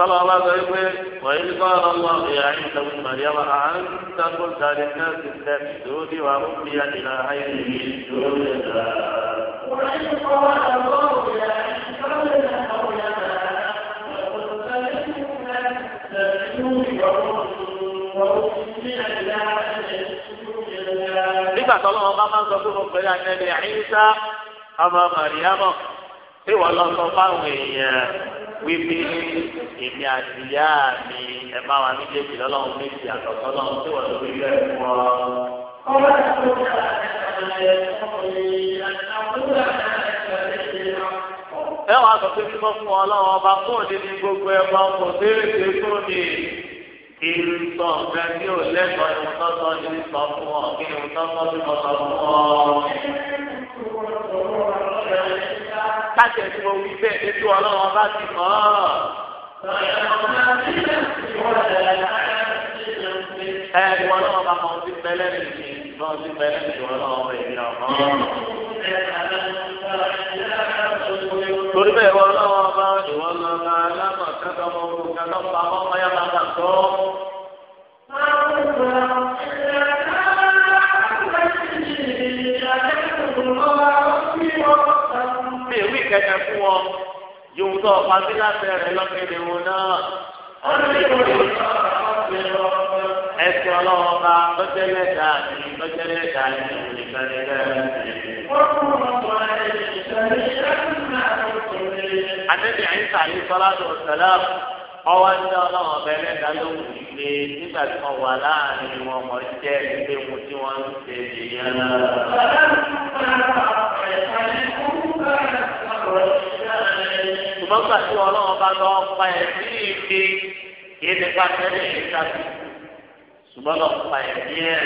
صلى الله عليه وسلم وإذ قال الله يا عيسى ابن مريم أأنت قلت للناس اتخذوني وأمي إلهين من دون الله وإذ قال الله يا عيسى ابن مريم أأنت قلت للناس اتخذوني وأمي إلهين من دون nígbà tó lọ́wọ́ bá máa ń sọ pé mo pẹ̀lú àtẹ̀lé àyíṣà ọmọ màríàmọ̀ tí wọ́n lọ sọ fáwọn èèyàn wípé èmi àti ìyá mi ẹ bá wa méjèèjì lọ́lọ́run méjì àtọ̀tọ̀ lọ́run tí wọ́n lórí rẹ̀ fún ọ. ọba tó ń bá ẹ ọkùnrin àti àwọn tó ń bá ẹ wàá sọ pé mímọ́ fún ọlọ́run ọba kó ní ní gbogbo ẹ̀fọ́ kò déédé tó ní ìrìnsọ nǹkan tí ò lẹ́tọ̀ọ́ ní tọ́tọ́ ní sọ fún ọ kí ni tọ́tọ́ tí mo sọ fún ọ káṣẹ tí mo wí bẹ́ẹ̀ ètò ọlọ́run bá ti mọ̀ ọ́. ẹ ìwọ náà bá mọ ti pẹlẹ mi mọ ti pẹlẹ mi ìwọ náà bẹ ìlà ọmọ. torí bẹ́ẹ̀ ìwọ náà bá ìwọ náà bá alámọ̀ kẹ́kọ̀ọ́ mọ̀ kẹ́kọ̀ọ́ pa ọmọ yàrá bàtọ́. kan fún wọn yòówù tó ọ̀pá sí láti rẹ̀ lọ́kẹ́lẹ́ wọn náà. ẹsẹ̀ ọlọ́wọ́ bá lọ́jẹ́lẹ́dà ní lọ́jẹ́lẹ́dà ní ìgbàlẹ́dà. Adébí Àyíṣà yìí sọ́lá tó sẹ́lá ọwọ́ ní ọlọ́wọ́ bẹ̀rẹ̀ dálóhùn ìgbé nígbà tí wọ́n wà láàrin wọn mọ̀ jẹ́ ilé mu tí wọ́n ń ṣe èyí náà. ṣùgbọ́n gbà tí ọlọ́run bá lọ pa ẹ̀ sí ibi kìí ní tẹ́lẹ̀ ní káàkiri ṣùgbọ́n lọ pa ẹ̀ ní ẹ̀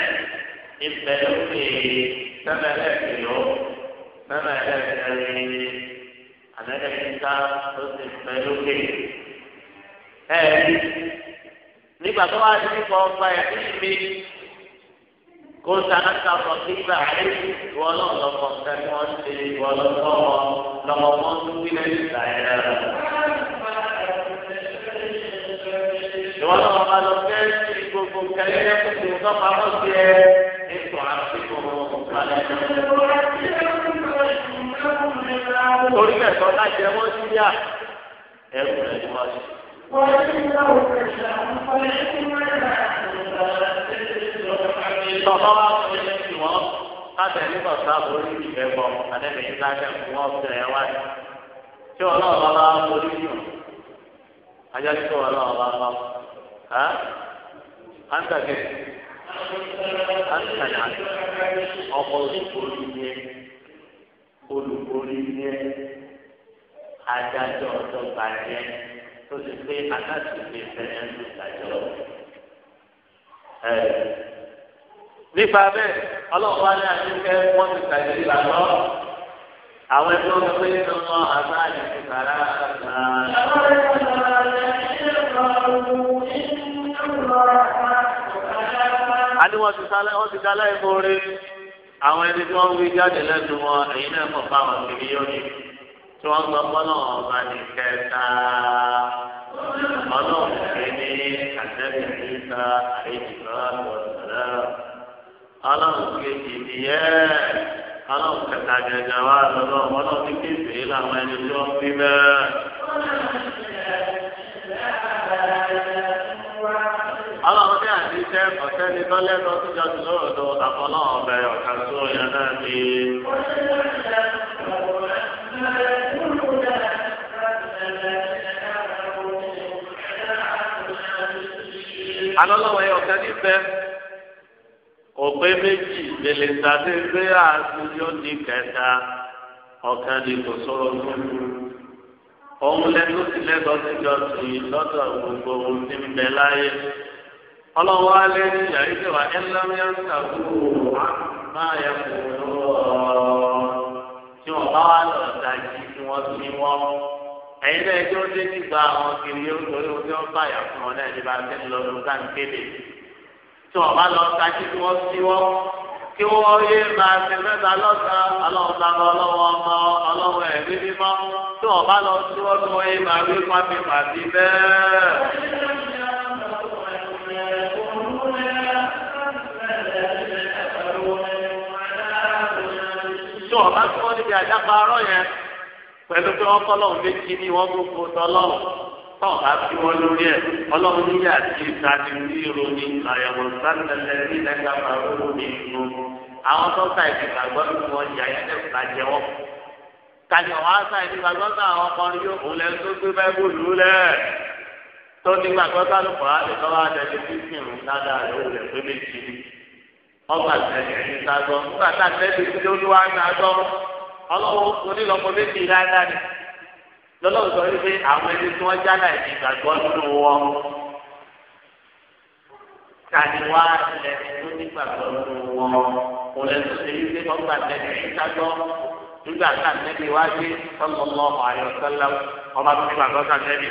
ibẹ̀ lókè ti lókè. ẹ̀ nígbà tó wá sí ẹ̀ sí kó sanaka lọ nígbà ayé ìwọ náà lọkọ sẹni wọn ṣe ìwọ lọkọ lọmọ wọn tún wílẹ̀ nígbà yẹn lọ. ìwọ náà wọn lọ fẹ́ ṣe gbogbo kẹlẹ́ kókò tó máa wọ́n ti ẹ ètò àtìkò kalẹ̀. torí ẹ̀sọ́ láti ẹ wọ́n ti yá ẹ̀rù rẹ̀ ni wọ́n ṣe. wọ́n ti ń bá òkè ṣàkóso ẹ̀sìn mẹ́ta àti ìgbà àti ìgbà. tọ́kọ́ wá sọ ilé tí wọ́n káṣẹ nígbà sáàbù orí ìfẹ́ bọ̀ àdẹ́bẹ̀yìn láṣẹ fún wọn fẹ́ wá sí. tí ọlọ́run bá bá borí yàn ajá tí kò ọlọ́run bá bá ẹ́ à ń tàgé à ń tàgé ọkọ̀ olùkórí yẹn olùkórí yẹn adájọ́ ọ̀dọ́ gbàgbé tó ti pé àtàkùn ìgbésẹ̀ ẹ̀ ń lò nípa bẹ́ẹ̀ ọlọ́pàá ní àdúgbò wọn ti tàbí ìlànà àwọn ẹgbẹ́ wọn pé ọmọ àbá àdìsí kàrá àgbà. àní wọn ti sálẹ wọn ti sálẹ ìmoore àwọn ẹni tí wọn wí jáde lẹ́nu wọn èyí náà kọ fún àwọn kiri yóò ní tí wọn gbọ́ mọ náà ọba ní kẹta ọlọ́pàá ní àtẹnudínlá èjìlá ọdún ọlọ́run kejì nìyẹ́ ọlọ́run kẹta gẹ̀gẹ̀ wá lọ́dọ̀ ọlọ́run ní kéfèé làwọn ẹni tó ń bí bẹ́ẹ̀. ọlọ́run ní àdíṣẹ́ ọ̀sẹ́ ní tọ́lẹ́nu tó jọjú lóòdò àfọlọ́run bẹ̀rẹ̀ ọ̀kà tó yẹn náà ni. alọ́lọ́wọ́ yẹ ọ̀kẹ́ níbẹ̀ pé méjì lèlè tàbí pé àti yóò ní kẹta ọ̀kan ní kò sọ̀rọ̀ gbogbo òun lẹ́nu sí lẹ́tọ̀ọ́ sí jọ sí lọ́dọ̀ gbogbo ohun tí ń bẹ láyé ọlọ́wọ́ alẹ́ ní yàrá ìjọba ẹlẹ́mìíràn tàbí máa yẹ kó lọ́ọ́ tí wọ́n bá wà lọ dájú kí wọ́n ti wọ́n ẹ̀yin náà ẹjọ́ dé nígbà àwọn kiri yóò lórí ojú ọ̀bá yà fún ọ náà tí wọn bá lọ sáájú kí wọn sí wọn kí wọn yé máa ṣe mẹ́ta lọ́sàn ọlọ́run bá lọ lọ́wọ́ ọmọ ọlọ́run ẹ̀mí mímọ́ tí wọn bá lọ sí wọn kí wọn yé máa wí pápí pàbí bẹ́ẹ̀. tí wọn bá tí wọn níbi àjàkọ arọ yẹn pẹ̀lú pé wọn kọ lọhùn méjì ni wọn gbogbo tọ lọhùn táwọn bá fi wọn lórí ẹ ọlọ́run níyà tí ìsàdì ní ìròyìn àyẹ̀wò sánilẹ̀ ní ẹ̀ka màrúwò ní ìlú àwọn tó ta ìdìbò àgbọ̀ ní wọn yà yẹn lè fà jẹ wọn. kàyọ̀ wá sa ìdìbò àgbọ̀ sá àwọn ọkùnrin yóò kún lẹ́nu tó gbé báyìí lù lẹ̀ tó ní gbàgbọ́ sálù kọ́ á lè tọ́wọ́ àtẹ̀lé fífì ń rẹ̀ ó pé méjì ni ọgbà lọ́lọ́run sọ wípé àwọn ẹni tí wọ́n jálà ẹ̀sìn ìgbàgbọ́ nínú wọn tani wá lẹ́ni tó nígbàgbọ́ nínú wọn kò lẹ́nu ṣe wípé wọ́n gbà lẹ́ni ìdájọ́ nígbà tá nẹ́bi wá gbé sallallahu alaihi wasallam ọba tó nígbàgbọ́ tá nẹ́bi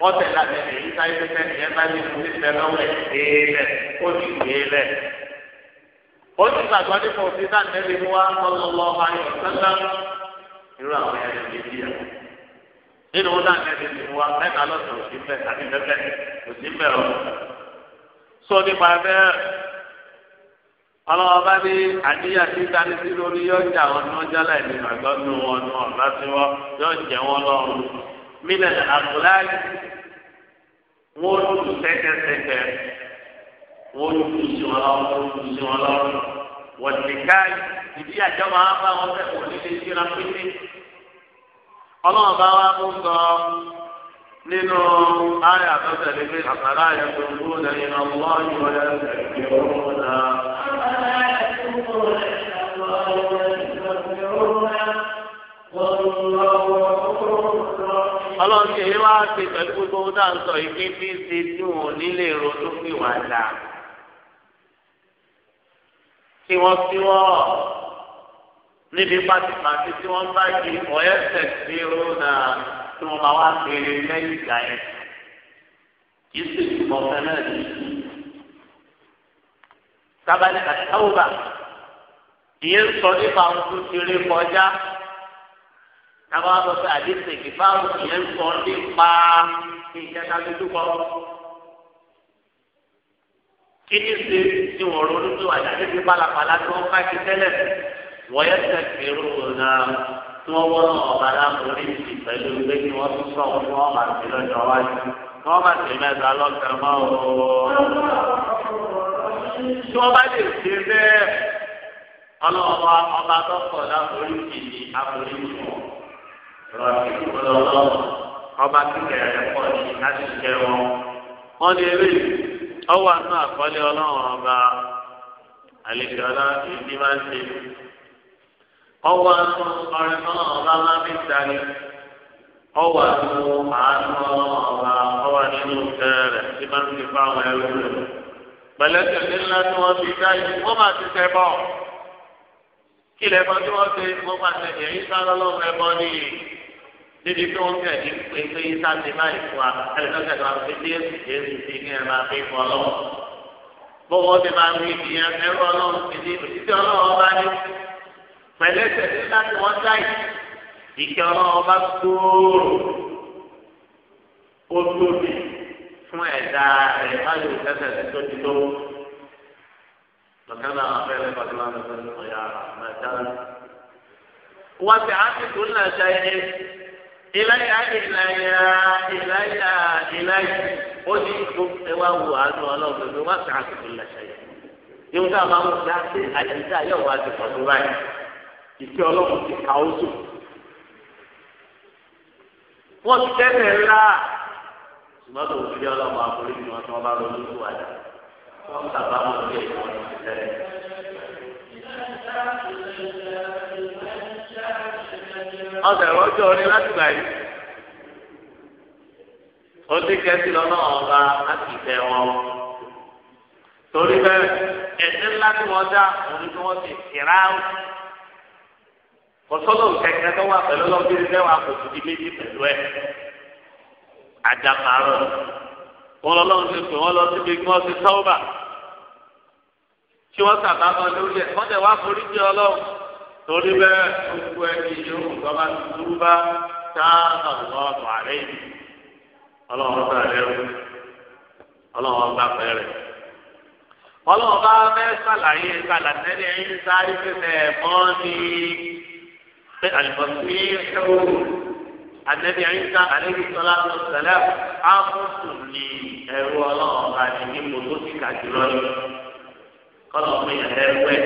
wọ́n tẹ̀lé àtẹ̀lé yìí sáyé pẹ́pẹ́ ní ẹ̀ka ní ìlú ìfẹ́ lọ́wọ́ ẹ̀ẹ́lẹ̀ ó ti gbé lẹ̀. ó ti gbàgbọ́ nípa òfin tá nẹ́bi wá sallallahu alaihi wasallam irú àwọn ẹ̀rọ méjì yẹn nínú wọn náà kẹ́kẹ́ ti mú wa mẹ́ta lọ́sọ̀ òsì mbẹ́ àti mẹ́fẹ́ òsì mbẹ́ ọ̀. sọ nípa bẹ́ẹ̀ ọlọ́wọ́ bá ní àdíyà tí dání sí lórí yóò jẹ àwọn tí wọ́n jálá ẹ̀mí gbàgbọ́ nù wọn nù ọ̀gá sí wọn yóò jẹ wọn lọ́rùn. mílẹ̀ àbúláyé wọn ò tún sẹ́kẹ́sẹ́kẹ́ wọn ò tún sí wọn lọ́rùn wọn ò sí wọn lọ́rùn. wọ̀tíkáyì ìdí àjọ máa bá wọn fẹ́ kò ní ọlọ́run bá wá mú sọ nínú ayé àtọ́tẹ̀lé pé àpàlà yẹn tó ń kú lẹ́yìn ọlọ́ yóò yẹ kí òun náà. ọlọ́run ṣe é wá ṣe pẹ̀lú gbogbo ohun tá à ń sọ yìí pé bí ṣe tí wọn ò nílé ronú pé wàá dà. kí wọ́n fi wọ́ọ̀ níbi pàtìpàtì tí wọ́n bá di ọ̀yẹ́sẹ̀ sí rúnà tí wọ́n bá wá kéré lẹ́yìn ìgbà yẹn. kì í sì túbọ̀ fẹ́ náà ní ìlú. sábàlì àtàwùbà ìyẹn sọ nípa ohun tó ti rí kọjá. tábà wọ́n fẹ́ àdéhùn ìgbà ìyẹn sọ nípa ìjẹta tuntun kọ́. kí ni ṣe ti wọ̀n ronú tó àjà níbi pálapàla tí wọ́n bá ti tẹ́lẹ̀. ويستكبرون ووضع على قريب فلو بين وصفه وما في الجواز وما في ماذا لك شو بعد السيدة الله أما تقول أقريب أقريب رحمه الله ọba kíkẹ́ rẹ̀ pọ̀ ní láti jẹ wọn. wọ́n ní eré ọwọ́ àánú àkọọ́lẹ̀ ọlọ́run ọba àlejò ọlá ìdí máa ń ṣe ọwọ́ àtọ ọrẹ náà ọba máa fi sáré ọwọ́ àtọ àtọ ọba ọwọ́ nínú tẹrẹ tí máa ń fi fún àwọn ẹrú rẹ pẹlẹtẹlẹ ńlá tí wọn fi dá yìí wọn máa ti tẹ bọ kí lè bọ tí wọn fi wọn máa tẹ ẹ̀yìn sáré lọ́wọ́ ẹbọ nìyí níbi tí wọn kẹ ní pé pé yíṣà ti máa ìfọ ẹlẹtọkẹ tó a fi dé èsì pẹ̀lú ẹsẹ̀ tí láti wọ́n sáì ìkẹ́ ọlọ́run ọba gbòòrò ó tóbi fún ẹ̀dá rẹ̀ láti ìfẹsẹ̀ tó ti tó. lọ́kàn náà fẹ́ lẹ́kọ̀ọ́ tí wọ́n lọ́kàn ní ọ̀yà àmàdá. wọ́n ti àti tó ń lọ́ọ́ ṣayé ìlàyà ìlàyà ìlàyà ìlàyà ó ní ìlú ẹwà wù àánú ọlọ́run lórí wọ́n ti àti tó ń lọ́ọ́ ṣayé. yóò dá àwọn amúgbá sí àyẹ̀dá yóò ìfẹ́ ọlọ́run ti ka ó sùn. wọ́n ti tẹ́lẹ̀ ńlá ṣùgbọ́n tó fi ọlọ́run àforí ni wọ́n tí wọ́n bá lọ lójú wa dà wọ́n sábà mọ̀ ní èèyàn wọn ti tẹ́lẹ̀. ọ̀sẹ̀ rọ́jò orin láti gbà yìí. ó ti kẹ́sì lọ́nà ọba láti tẹ wọn. torí bẹ́ẹ̀ ẹ̀sìn ńlá tí wọ́n dá òun ni wọ́n ti kíra kọsọlọ kẹkẹ tó wà pẹ̀lú lọbìrì mẹ́wàá kò tó di méjì pẹ̀lú ẹ àjàkárọ wọn lọ lọhùn ti pè wọn lọ síbi kí wọn ti sọọba tí wọn sàbá kan lórí ẹ wọn tẹ wá forí jẹ Ọlọ́run torí bẹ́ẹ̀ gbogbo ẹni yòówù tó bá ti dúró bá tá Ọlọ́run àárẹ yìí Ọlọ́run bá rẹ o Ọlọ́run bá fẹ rẹ Ọlọ́run bá fẹ sàlàyé sàlàtẹlẹ ẹyin sáré fẹsẹ mọ ni. pé àlùfọ́sí ṣòwò ànábì àyíká ànábì sọlá tó ṣẹlẹ̀ áfọ́sùn ní ẹ̀rú ọlọ́run àti ní mọ́tò ti kà jùlọ ní kọ́lọ̀ fún yẹn ẹ̀wẹ́.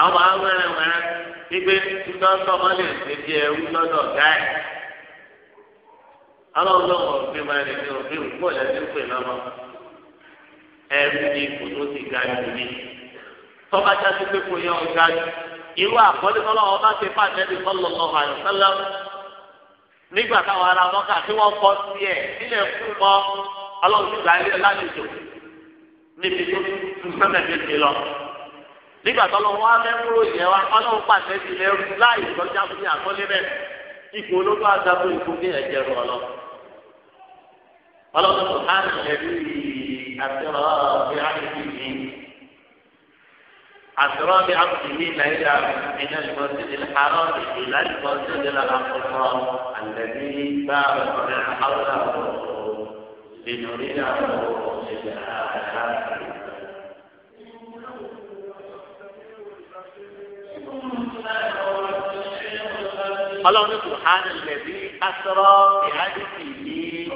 àwọn máa ń wẹ́rẹ́ wẹ́rẹ́ gbígbé ńlọ́dọ̀ wọn lè ṣe bí ẹrú lọ́dọ̀ gáì. ọlọ́run lọ́wọ́ òfin máa rìn ní òfin púpọ̀ lẹ́sìn pè lọ́mọ. ẹrú ní mọ́tò ti ga jù ní. irú àkọlé tọ́lọ́ ọba ti fà nẹ́bí sọ́lọ́ lọ́wọ́ àyọ̀sọ́lọ́ nígbà táwọn ará mọ́kà tí wọ́n kọ́ sí ẹ̀ nílẹ̀ fún mọ́ ọlọ́run ti gbà ilé lálejò níbi tó tún sẹ́mẹ̀ méje lọ. nígbà tọ́lọ́ wọn á mẹ́kúrò yẹn wa ọlọ́run pàṣẹ ti lẹ́rú láì tọ́jà fún ní àkọlé rẹ̀ ipò olóko àgbàdo ìkú ní ẹ̀jẹ̀ rọ̀ lọ. ọlọ́run أسرار عبده ليلة من المسجد الحرام إلى المسجد الأقصى الذي بارك حوله لنريده من الآيات قال سبحان الذي أسرى بعبده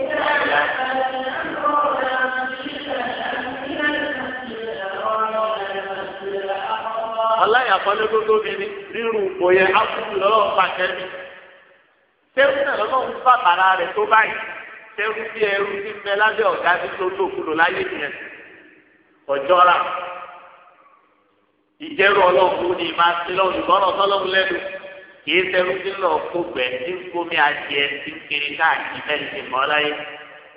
báyà fọlẹ́ gbogbo mi ní rírun kò yẹ ákùnrin lọ́wọ́ pàṣẹ mi. sẹ́rù náà lọ́wọ́ ń fà bàrà rẹ̀ tó báyìí sẹ́rù bí ẹrú ti mẹ lábẹ́ ọ̀gá tí tó tó kúrò láyé yẹn. ọ̀jọ́ra ìjẹ́rù ọlọ́run ni màá ti lọ́wọ́ ìgbọ́n ọ̀tọ́lọ́run lẹ́nu kì í sẹ́rù sí lọ kó gbẹ̀ tí ń kómi adìẹ tí ń kiri káàkiri bẹ́ẹ̀ ti mọ́ láyé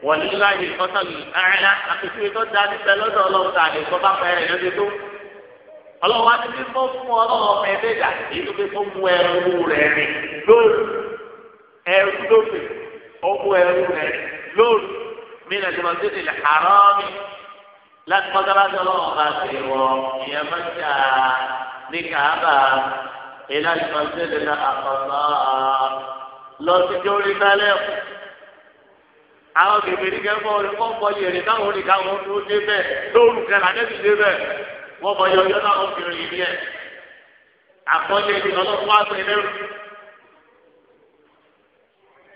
wọ̀nyí láyé ìfọ́sọ̀lù ẹ̀rẹ́ ọlọ́wọ́ á ti fi fọ́ fún ọlọ́wọ́ ọmọ ẹgbẹ́ ìdá èyí tó fi fún mu ẹrú rẹ̀ rìn lóru ẹrú lóru ọmọ ẹrú rẹ̀ lóru mí nà ìjọba tó ti lè àárọ̀ mi láti mọ́tàláṣí ọlọ́wọ́ bá ti wọ ìyẹn mọ́tà ní kàábà ìlà ìjọba tó ti lè àkọ́sọ́ lọ sí jórí sálẹ̀ kù àwọn bèbè ní kẹ́kọ̀ọ́ ní kọ́kọ́ yẹ̀rẹ̀ táwọn oníkàwọn tó dé bẹ́ẹ̀ lóru kẹ́lá wọ́n mọ yọyọ náà wọ́n fi rìn ìrí ẹ̀ àkọọ́lẹ̀ ìdí ọlọ́run wá sí ẹlẹ́rù.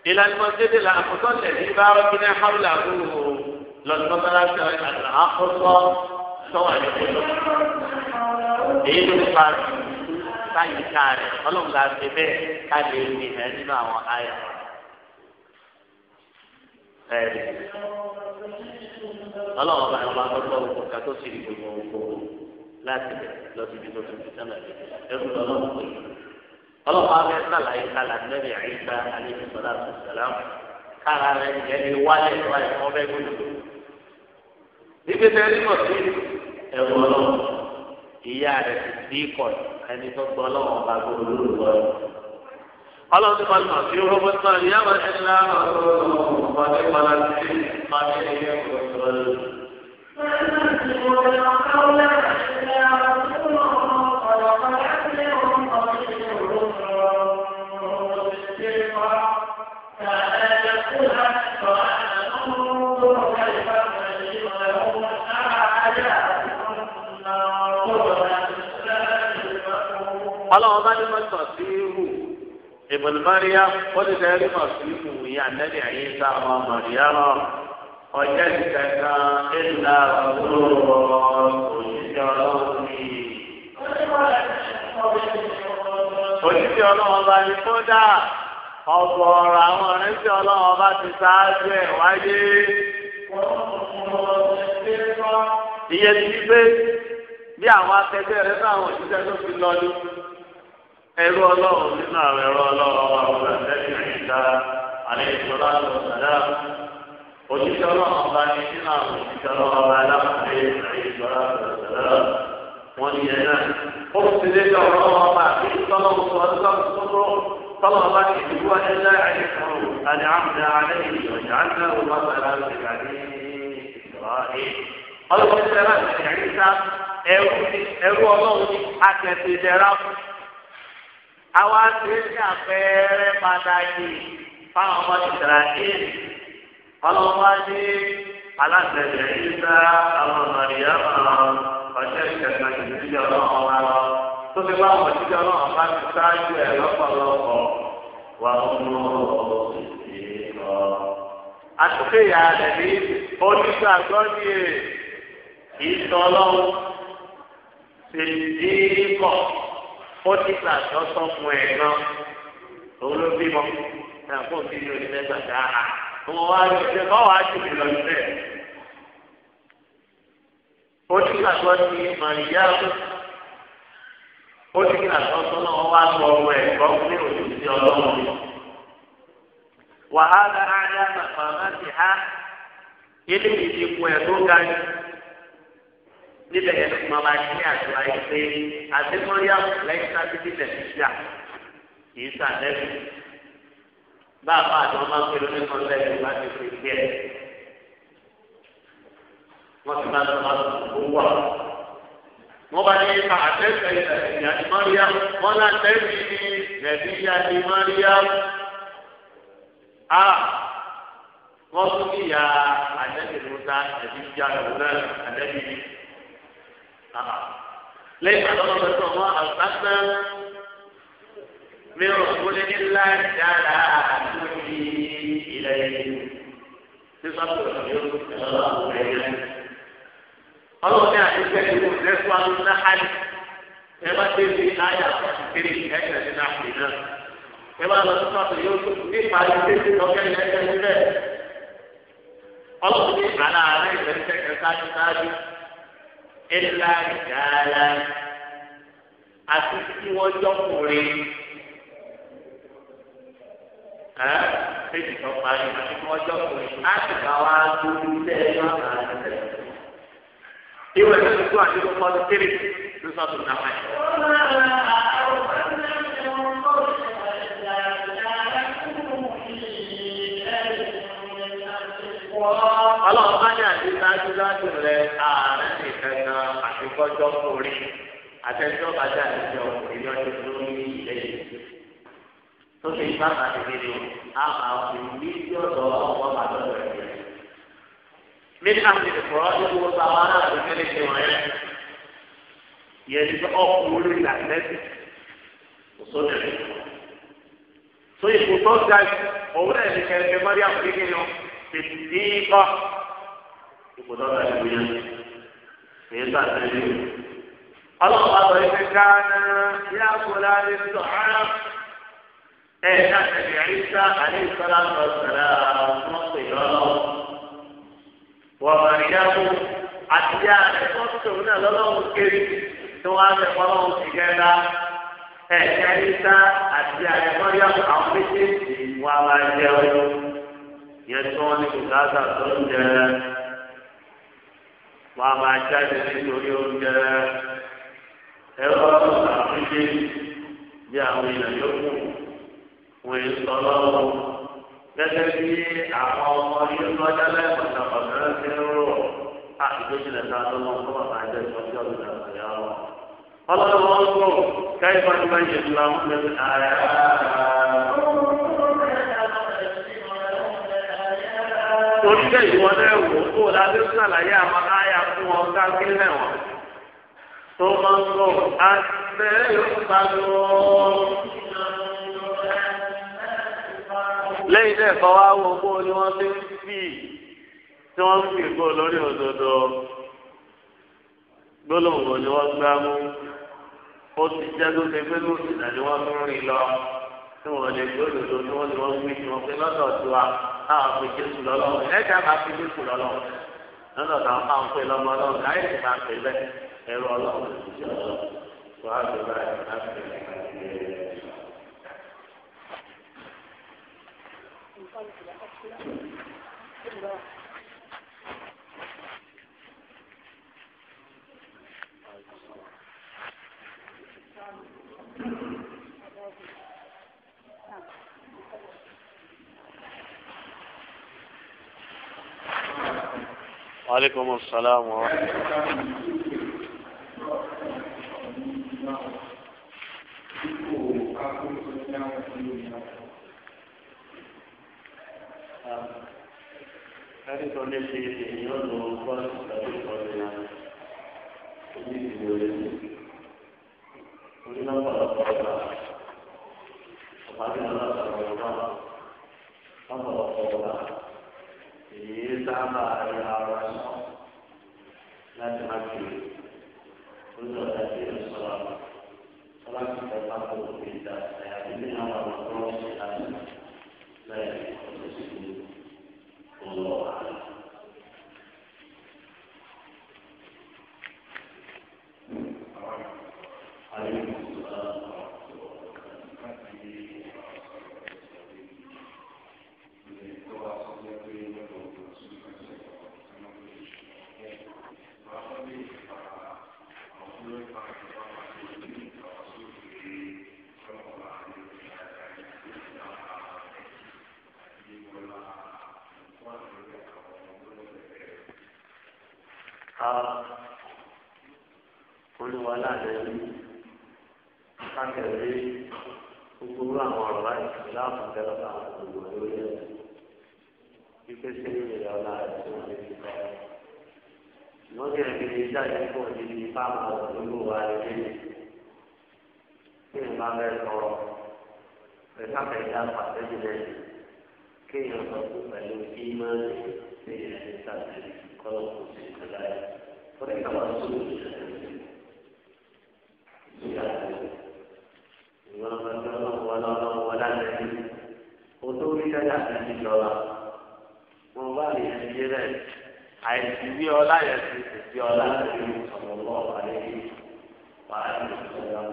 ìlànà ìmọ̀síde là àkọ́kọ́ tẹ̀lé bá rọ́bí náà hàwùlà àbúrò lọ́sọ̀tàlásì àkọ́kọ́ sọ́wọ́ àdìgbò èyí ló fa báyìí ká ọlọ́run la ṣe bẹ́ẹ̀ ká lè rìn nínú àwọn àyà. ọlọ́run ọba ìwà tó tọ́ òkùnkà tó sì rí gbogbo gbogbo láti bẹ̀ lọ síbi tó tuntun sánà lè ẹrú lọ lọ́wọ́ pé ọlọ́pàá bẹ sàlàyé kálá nẹ́bí àyíká alẹ́bí sọlá tó sàlám kára rẹ ẹni wálé wá ẹ̀kọ́ bẹ́ẹ̀ gbọ́dọ̀. ibi tẹ ẹni mọ̀ sí ẹ̀rù ọlọ́wọ́ ìyá rẹ̀ ti dí kọ̀ ẹni tó gbọ́ ọlọ́wọ́ bá gbọ́dọ̀ lórúkọ rẹ̀. ọlọ́run ti máa sí rọ́bọ̀ sọ̀rọ̀ ọlọ́wọ́ bá ní mọ́tò ti tẹ́ rí sí ihu àyíká ọmọ ọjọ́ ìkẹta ìlà òwúrọ̀ òṣìṣẹ́ ọlọ́run ni. òṣìṣẹ́ ọlọ́run ọba ni kódà ọ̀pọ̀ ọ̀rọ̀ àwọn ọ̀rẹ́sẹ̀ ọlọ́run ọba ti ṣáájú ẹ̀ wáyé. ìyẹn ti pé bí àwọn akẹgbẹ́ rẹ bá àwọn òṣìṣẹ́ tó fi lọ ní ẹrú ọlọ́run nínú àwọn ọlọ́run òṣìṣẹ́ ọlọ́run ọba ní nínú àwọn òṣìṣẹ́ ọlọ́run ọba aláàbẹ̀ àìsọ̀rọ̀ àbẹ̀rẹ̀ wọn ni náà ó ti lé lọ ọlọ́run ọba àti tọ́lọ́ sọ tọ́lọ́ tọ́lọ́ ọba ní ìdúró àti àmì alẹ́ àti ọba ti àpẹẹrẹ pàtàkì fáwọn ọmọ ọlọ́wájú aláṣẹ ìṣá àwọn ọ̀nàdìyà ọ̀rọ̀ ọ̀ṣẹ́ ìṣẹ̀kan ìṣẹ̀lẹ̀ ọlọ́run wa lọ tó fi bá wọn ṣíṣe ọlọ́run bá ti ṣáájú ẹ̀ lọ́pọ̀lọpọ̀ wà fún àtúnṣe ìyá rẹ̀ ní onígbàgbọ́ ní èrè ìtọ́ ọlọ́run ṣe dé kọ̀ fọ́tíkà lọ́sọ̀kùn ẹ̀ náà òun ló bímọ ẹ̀ fún òbí mi ò wọn wá ní ṣe bá wàá ṣe lọ sílẹ̀ ó ti kí àgbọ̀ ti màríyá ó ti kí àgbọ̀ tó náà wá lọ ọmọ ẹ̀kọ́ ní òṣìṣẹ́ ọlọ́run mi. wàhálà ájá bàbá má ti há ilé ìdìbò ẹ̀ tó ga ni níbẹ̀ yẹn ló máa máa ní àdúrà yìí pé àdémọ́ríà lẹ́yìn sábẹ́ nílẹ̀ nígbà kì í sàdẹ́sì bá a bá àti wọn máa ń pè lónìí kan lẹ́yìn ìgbà tó fi díẹ̀ wọ́n ti máa ń sọ máa tó tó wà. wọ́n bá ní ká àtẹ́sẹ̀ ìyá ni mọ́ríyá wọ́n lá tẹ́sí ní ẹ̀bí ìyá ni a wọ́n tún ní ìyá àtẹ́sẹ̀ lóta ẹ̀bí ìyá lòun náà àtẹ́sẹ̀ lẹ́yìn àtọ́nà pẹ̀lú ọmọ àgbàgbà. من رسول الله تعالى تهدي إليه بصدر يوسف صلى الله عليه وسلم الله تعالى يسلم نسوة النحل كما في آية 43 هكذا نحن كما نصف يوسف نسمع يوسف وكان يسلم الله على عليه وسلم كان إلا رجالا أتيت وجهه péjì parí àti kí wọ́n jọ bá wa lórí iṣẹ́ ẹ̀rọ àti ìṣẹ̀lẹ̀. Ìwé ẹ̀rọ ti kú àti kókó ọdún kéré ló sọ tó náà wáyé. Ọlọ́run bá ní àti ṣáájú láti rẹ̀ ààrẹ nìkan àti kọjọ́ orí àtẹ̀jọ́ bàjẹ́ àti ìjọ orí lọ́jọ́ lórí ilé tó ṣe sábà kékeré a máa fi mílíọ̀nù ọ̀pọ̀ màdọ́ rẹ̀ yẹ. mílíọ̀nù ìfọ̀rọ̀ ìlú wọn báwa náà ti kéde ṣe wọ̀nyẹ. yẹn ti ọkùnrin làtẹ́sì kò sóde rẹ̀. so ipò tó ga òun náà ní kẹ̀kẹ́ mọ́rí àkókò yẹn tètè dé kọ́ ipò tó ga ìlú yẹn èyí tó àtẹ̀lé. ọlọ́run bá sọ ife káná yá kó láti sọ̀rọ̀ ẹ dákẹ́lẹ́ ẹ̀ríṣà àdéhùsọ́lá lọ sọ̀rọ̀ àwọn pèlú ọlọ́wọ́. wọ́n mọ̀ níyàwó àtijọ́ àtẹ́kọ́sọ̀ náà lọ́lọ́wọ́ kéré tó wá lẹ́kọ́ lọ́wọ́ ìgẹ́gá. ẹ ẹ̀ríṣà àtijọ́ àtẹ́kọ́sọ̀ àwọn méjèèjì wà máa jẹ́ ọ yẹn tí wọ́n ní tó ń jẹ wọ́n máa jáde nítorí oúnjẹ ẹ̀rọ ọ̀sán àfíjì bí àwọn èèyàn yóò kù wọ́n yìí sọ lọ́wọ́ gẹ́gẹ́ bí àwọn ọmọ yìí lọ́jà lẹ́kọ̀ọ́ta ọ̀gá ti ń rò á ìgbésí lẹ́ta lọ́wọ́ tó wà máa jẹ́ ìtọ́jú ọ̀gbìn àgbàyà wọn. ọlọ́run wọn kò káyọ̀ bá ti máa ń yẹ ìlú ààrẹ. torí ìwọ náà wò ó lábẹ́ fún àlàyé àwọn àyà fún ọ káàkiri náà tó máa ń lọ àti bẹ́ẹ̀ yóò lẹ́yìn náà kọ́ wá wo bó ni wọ́n ti ń fì tí wọ́n ń fì kó lórí òdodo gbólóhùn ni wọ́n gbá mú ó ti jẹ́ tó ṣe pé lóòtù náà ni wọ́n tún rìn lọ tí wọ́n lè gbé òdodo tí wọ́n ni wọ́n wí tí wọ́n fi lọ́dọ̀ tó wa àwọn fi Jésù lọ́lọ́run ẹ̀jẹ̀ máa fi Jésù lọ́lọ́run lọ́dọ̀ táwọn máa ń pè lọ́mọ ọlọ́run láì sì máa pè bẹ́ẹ̀ ẹ̀rọ ọlọ́run ìṣẹ́ ọlọ́run wàá وعليكم السلام ورحمة الله tó lé ṣe èèyàn lò ó gbọ́dọ̀ tàbí ìtọ́jú náà. olúwa lálẹ́lú kákẹ́lé gbogbo àwọn ọ̀rọ̀ láti láàbù tẹ́lẹ̀ àwọn olùwà lórí ẹ̀ wípé ṣé ní ìlà ọ̀la àti ìwà níbi ìta ìwọ́n kẹ́lẹ́ kí ní jáde pọ̀ níbi ipá àwọn olùwà ilé kí ní bá bẹ́ẹ̀ sọ̀rọ̀ ẹ̀ka kẹ̀kẹ́ àpàtẹ́jì lẹ́yìn kéèyàn sọ pé pẹ̀lú ìmọ̀ ẹ̀yẹ ẹ̀ṣẹ̀ tàbí kalau saya mereka masuk sudah Imam Allah wala wala wala nabi untuk kita dah di dalam membali hadirin ayat ini olah ya sisi olah Nabi sallallahu alaihi wa alihi wasallam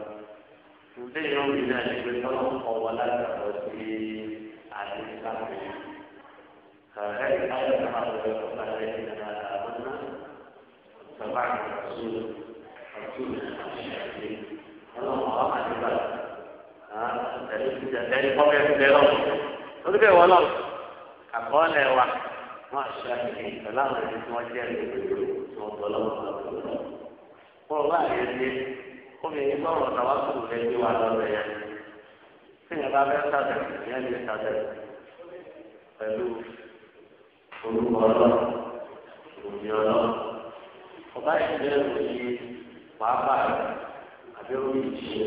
Kemudian yang tidak diberitahu, awalan terhadap ahli sahabat. فهذه الآية كما قال الذين آمنا واتبعنا الرسول رسولنا اللهم أعطنا البلد ẹni kọ́ bẹ́ẹ̀ fẹ́ lọ́wọ́ lórí bẹ́ẹ̀ wọ́n lọ́wọ́ àkọọ́lẹ̀ wa wọ́n aṣọ àkìkì pẹ̀lú àwọn ẹni tí wọ́n jẹ́ ìgbèrò tí wọ́n bọ́ lọ́wọ́ kọ́ ọ̀rọ̀ àyẹ̀ ṣe obìnrin bá ọ̀rọ̀ tàwa kù rẹ̀ bí wà lọ́rọ̀ yẹn tí ìyẹn bá fẹ́ sàbẹ̀ ìyẹn lè sàbẹ̀ pẹ̀lú orúkọ ọlọ́run ọba ìṣẹ̀lẹ̀ òye pàápàá àbẹ̀wò ìṣe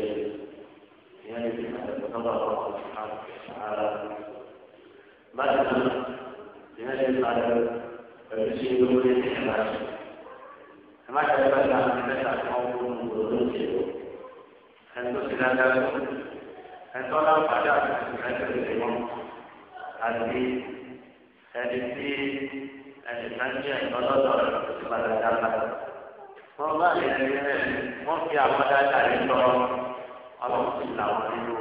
ìyẹn lè àtẹ̀kọ́ nọ́mbà ọkọ̀ ara báyìí náà ìyẹn lè fi àtẹ̀kọ́ pẹ̀lú ṣe lórí ìṣẹ̀lẹ̀ àti ẹ má ṣe bá ta ẹ mẹ́ta tí wọ́n kó ní ìlú lóde o ẹni tó ti dáadáa tó ẹni tó àti ẹni tó wọn àti ẹni tí ẹni kan jẹ́ ìtọ́lọ́dọ̀ rẹ̀ ti padà dára. wọ́n bá lè rí rẹ̀ wọ́n fi àwọn dáadáa yìí lọ ọlọ́run ti là wọn nínú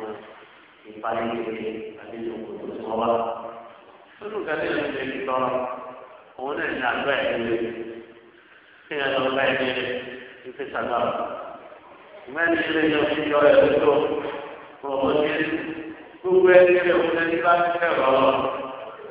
ìpalẹ́kẹ̀kẹ́ àdéhùn òkòtò tí wọ́n wá. lórí kẹ́lẹ́ ló lè fi tọrọ òun náà ní àgbà ẹ̀ lé kí ẹ lọ bá ẹ lé ìfẹ́ sàgbà. ìgbà ní ilé yẹn fi yọ ẹ̀ lójó kò wọ́n ti gbogbo ẹ̀ lé òun náà ní bá ti fẹ́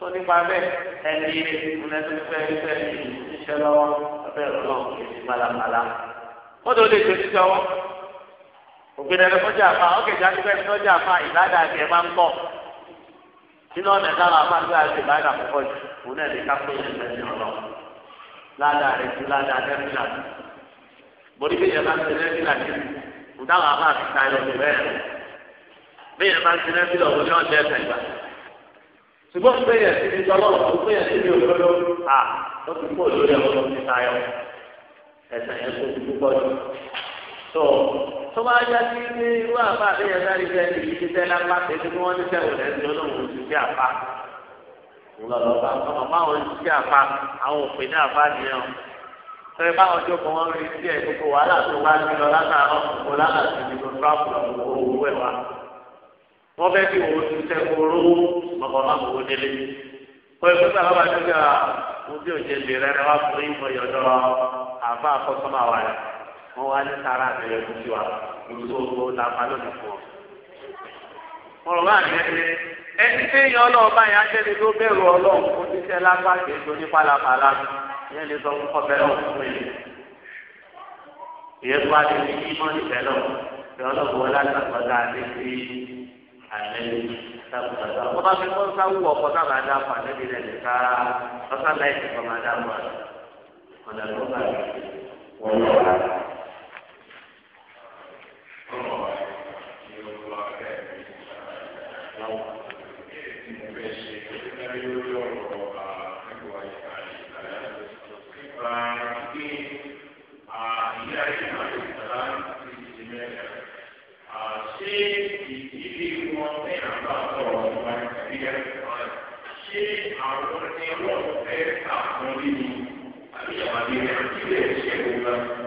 sọ nípa bẹ́ẹ̀ ẹni ìrẹsìfẹ́ ìfẹ́ ìṣẹ́ lọ́wọ́ abẹ́ ọlọ́run kì í malàmàlà mọ́tò lè tó títí ọwọ́ ògbìn ẹni fọ́jà àfa ọ̀kẹ́jà nípa ẹni fọ́jà àfa ìlàdà àgbẹ̀ máa ń pọ̀ nínú ọ̀nà táwọn afáàgbé àti ìbáyà púpọ̀ jù òun náà lè ká pé ìrẹsì ọlọ́run ládàá rẹ̀ ju ládàá dẹ́mílà bórí bí yẹn bá ń tẹ̀lé bí làjẹ́ ìdáhùn àbá àti táyọ̀ bẹ̀rẹ̀ bí yẹn bá ń tẹ̀lé bí lọ́wọ́ ní ọ̀dẹ́ ẹ̀fẹ̀ gbà ṣùgbọ́n gbẹ̀yẹ̀ sí mi tọ́lọ́ gbẹ̀yẹ̀ sí mi òdodo à ó ti kó lórí ọ̀rọ̀ mi tayọ ẹ̀sẹ̀ yẹn tó ti púpọ̀ jù. tó tó bá yá sí ní irú àbá àbẹ́yẹn sáré fẹ́ ní ibi tẹ́ lápá tẹ́tí ni wọ́n ní sẹ́wọ̀n lẹ́sìn olóhùn oṣù sí àpá. ńlọlọba ọmọ báwọn oṣù sí àpá àwọn òpè ní àpá nìyẹn sọ̀rọ̀ báwọn tó kọ́ wọn rí sí ẹ̀ gbogbo wàhálà tó bá ń lọ látàárọ̀ kó látàárọ̀ wọ́n fẹ́ fi wo ṣiṣẹ́ kóró mọ̀kàn má mọ̀ wó délé. wọ́n yóò sábà bá dúdú à mo bí òjò lè rẹ́ rẹ́ wá fún yín mọ̀ yọ̀dọ̀ àbá àkọ́sọ́mà wà rẹ̀ wọ́n wá ní sára àtẹ̀yẹ fún tiwa olùdókòwò làbá lónìí fún ọ. ọ̀rọ̀ bá mi ẹ̀ ẹni tí yan ọlọ́ọ̀bá yẹn ajẹ́ni ló bẹ̀rù ọlọ́run fún ṣiṣẹ́ lápá tó wá ọlọ́run wọlé àgbàgbọ́dá àti alẹ́ fi wọn sáwù ọkọ sábà dá fún àtẹ́bí rẹ̀ nìka ọ̀sán láìsí kọ́má dá fún ọ̀nà ló bá wọn lọ wá. Thank you.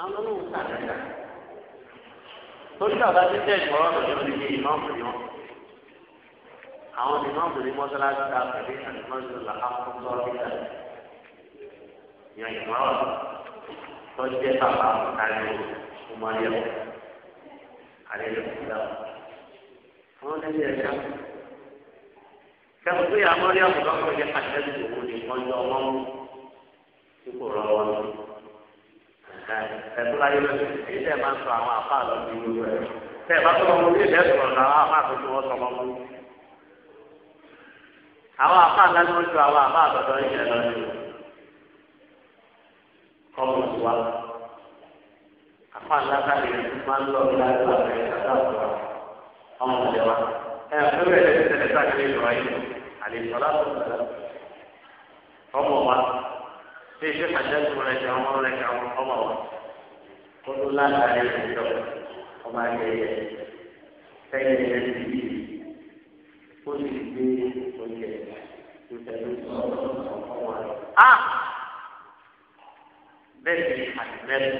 àwọn olóhùn sàdáyà torí bàbá ti tẹ̀ ìgbọ́rọ̀ lọ́jọ́ ní kí ìmọ̀ọ́mù ni wọ́n àwọn ìmọ̀ọ́mù ní mọ́sálásí ta pẹ̀lú àdìmọ́sí là á kó sọ́ọ́ níta ìyàn ìmọ̀ọ́rọ̀ tó jẹ́ bàbá àkàlẹ̀ ọmọlẹ́wọ̀ àlẹ́ lọ́kùnrin àwọn onílé ẹ̀ka kẹ́kọ̀ọ́ pé àmọ́lẹ́wọ̀ lọ́kùnrin àtẹ́lẹ̀ òun ni wọ́n yọ ọmọ mú ipò rọ̀ wọn lọ́wọ́. ẹ̀tọ́ láyé lónìí èyí tẹ̀ máa ń sọ àwọn àfa ní ìlú rẹ̀ tẹ̀ bá tó lọ́wọ́ bí ìdẹ́ sọ̀rọ̀ náà àwọn àfa àtúntò wọn sọ lọ́wọ́. àwọn àfa àlọ́ ni wọ́n ju àwọn àfa àtọ̀tọ̀ ìjẹ́ lọ ní kọ́mù wa. ń lọ ọmọ wa. ṣe àjẹsùn rẹ̀ ṣe ọmọ rẹ̀ ṣe àwọn ọmọ wọn kó tó látàrí ìjọ ọmọ ayẹyẹ sẹ́yìn rẹ̀ ti bí ó sì gbé oúnjẹ ìtẹ̀lú ọmọ rẹ̀. a bẹ́ẹ̀ ni àtìlẹ́yìn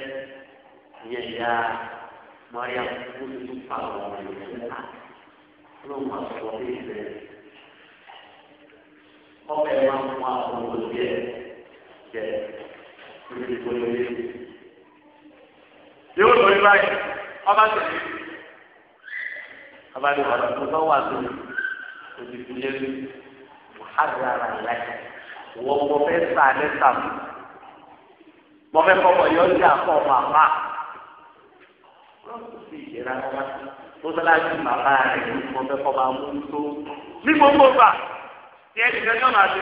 ìyẹn ìyá mọ́ríà kó tó pa ọmọ rẹ̀ lọ́wọ́ lóun àtọ̀wọ́ bí ìbẹ̀rẹ̀ ọmọ ẹ̀ máa ń wá ọmọ rẹ̀ jẹ lórí ìgbóni lé. yóò lórí báyìí ọba tẹ̀lé ọba ní ọ̀rọ̀ tó bá wà lórí òdìbò lé lórí wàhálà ara ìlànà wọ́n mọ fẹ́ sá ẹ sàmù mọ fẹ́ fọwọ́ yọ ọjà fọ màmá lọ́sùn sí ìjẹ́ra wọn tó sálájú màmá rẹ̀ mọ fẹ́ fọ́ máa mú tó ní gbogbo gbà tí ẹnì kan yọ̀ máa ṣe.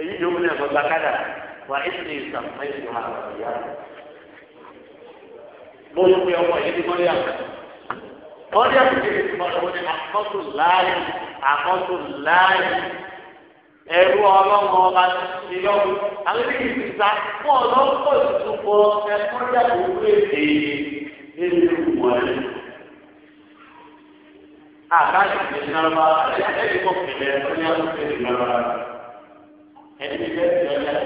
èyí yóò múlẹ̀ gbọ́gbà kádà wà ìsìn ìsàmùmá ìsìn wà lọ́yà. mo ń pe ọmọ yìí ní mọ́lẹ́ àgbà. mọ́lẹ́ àgbà ti fi mọ́ ọmọ ní àkọ́tù láàyè àkọ́tù láàyè. ẹ̀rú ọlọ́mọ ọba ti yọ̀wù àwọn ibi yìí ti sa fún ọlọ́pọ̀ ìtúkọ ẹ̀fọ́ jáde wúlé èyí nínú ìwọlé. àbájáde ìnáwó àti ẹ̀ẹ́dẹ́gbọ̀n pẹ̀lẹ́ ọ̀yà ń pè é ẹni bí bẹ́ẹ̀ ti ọjà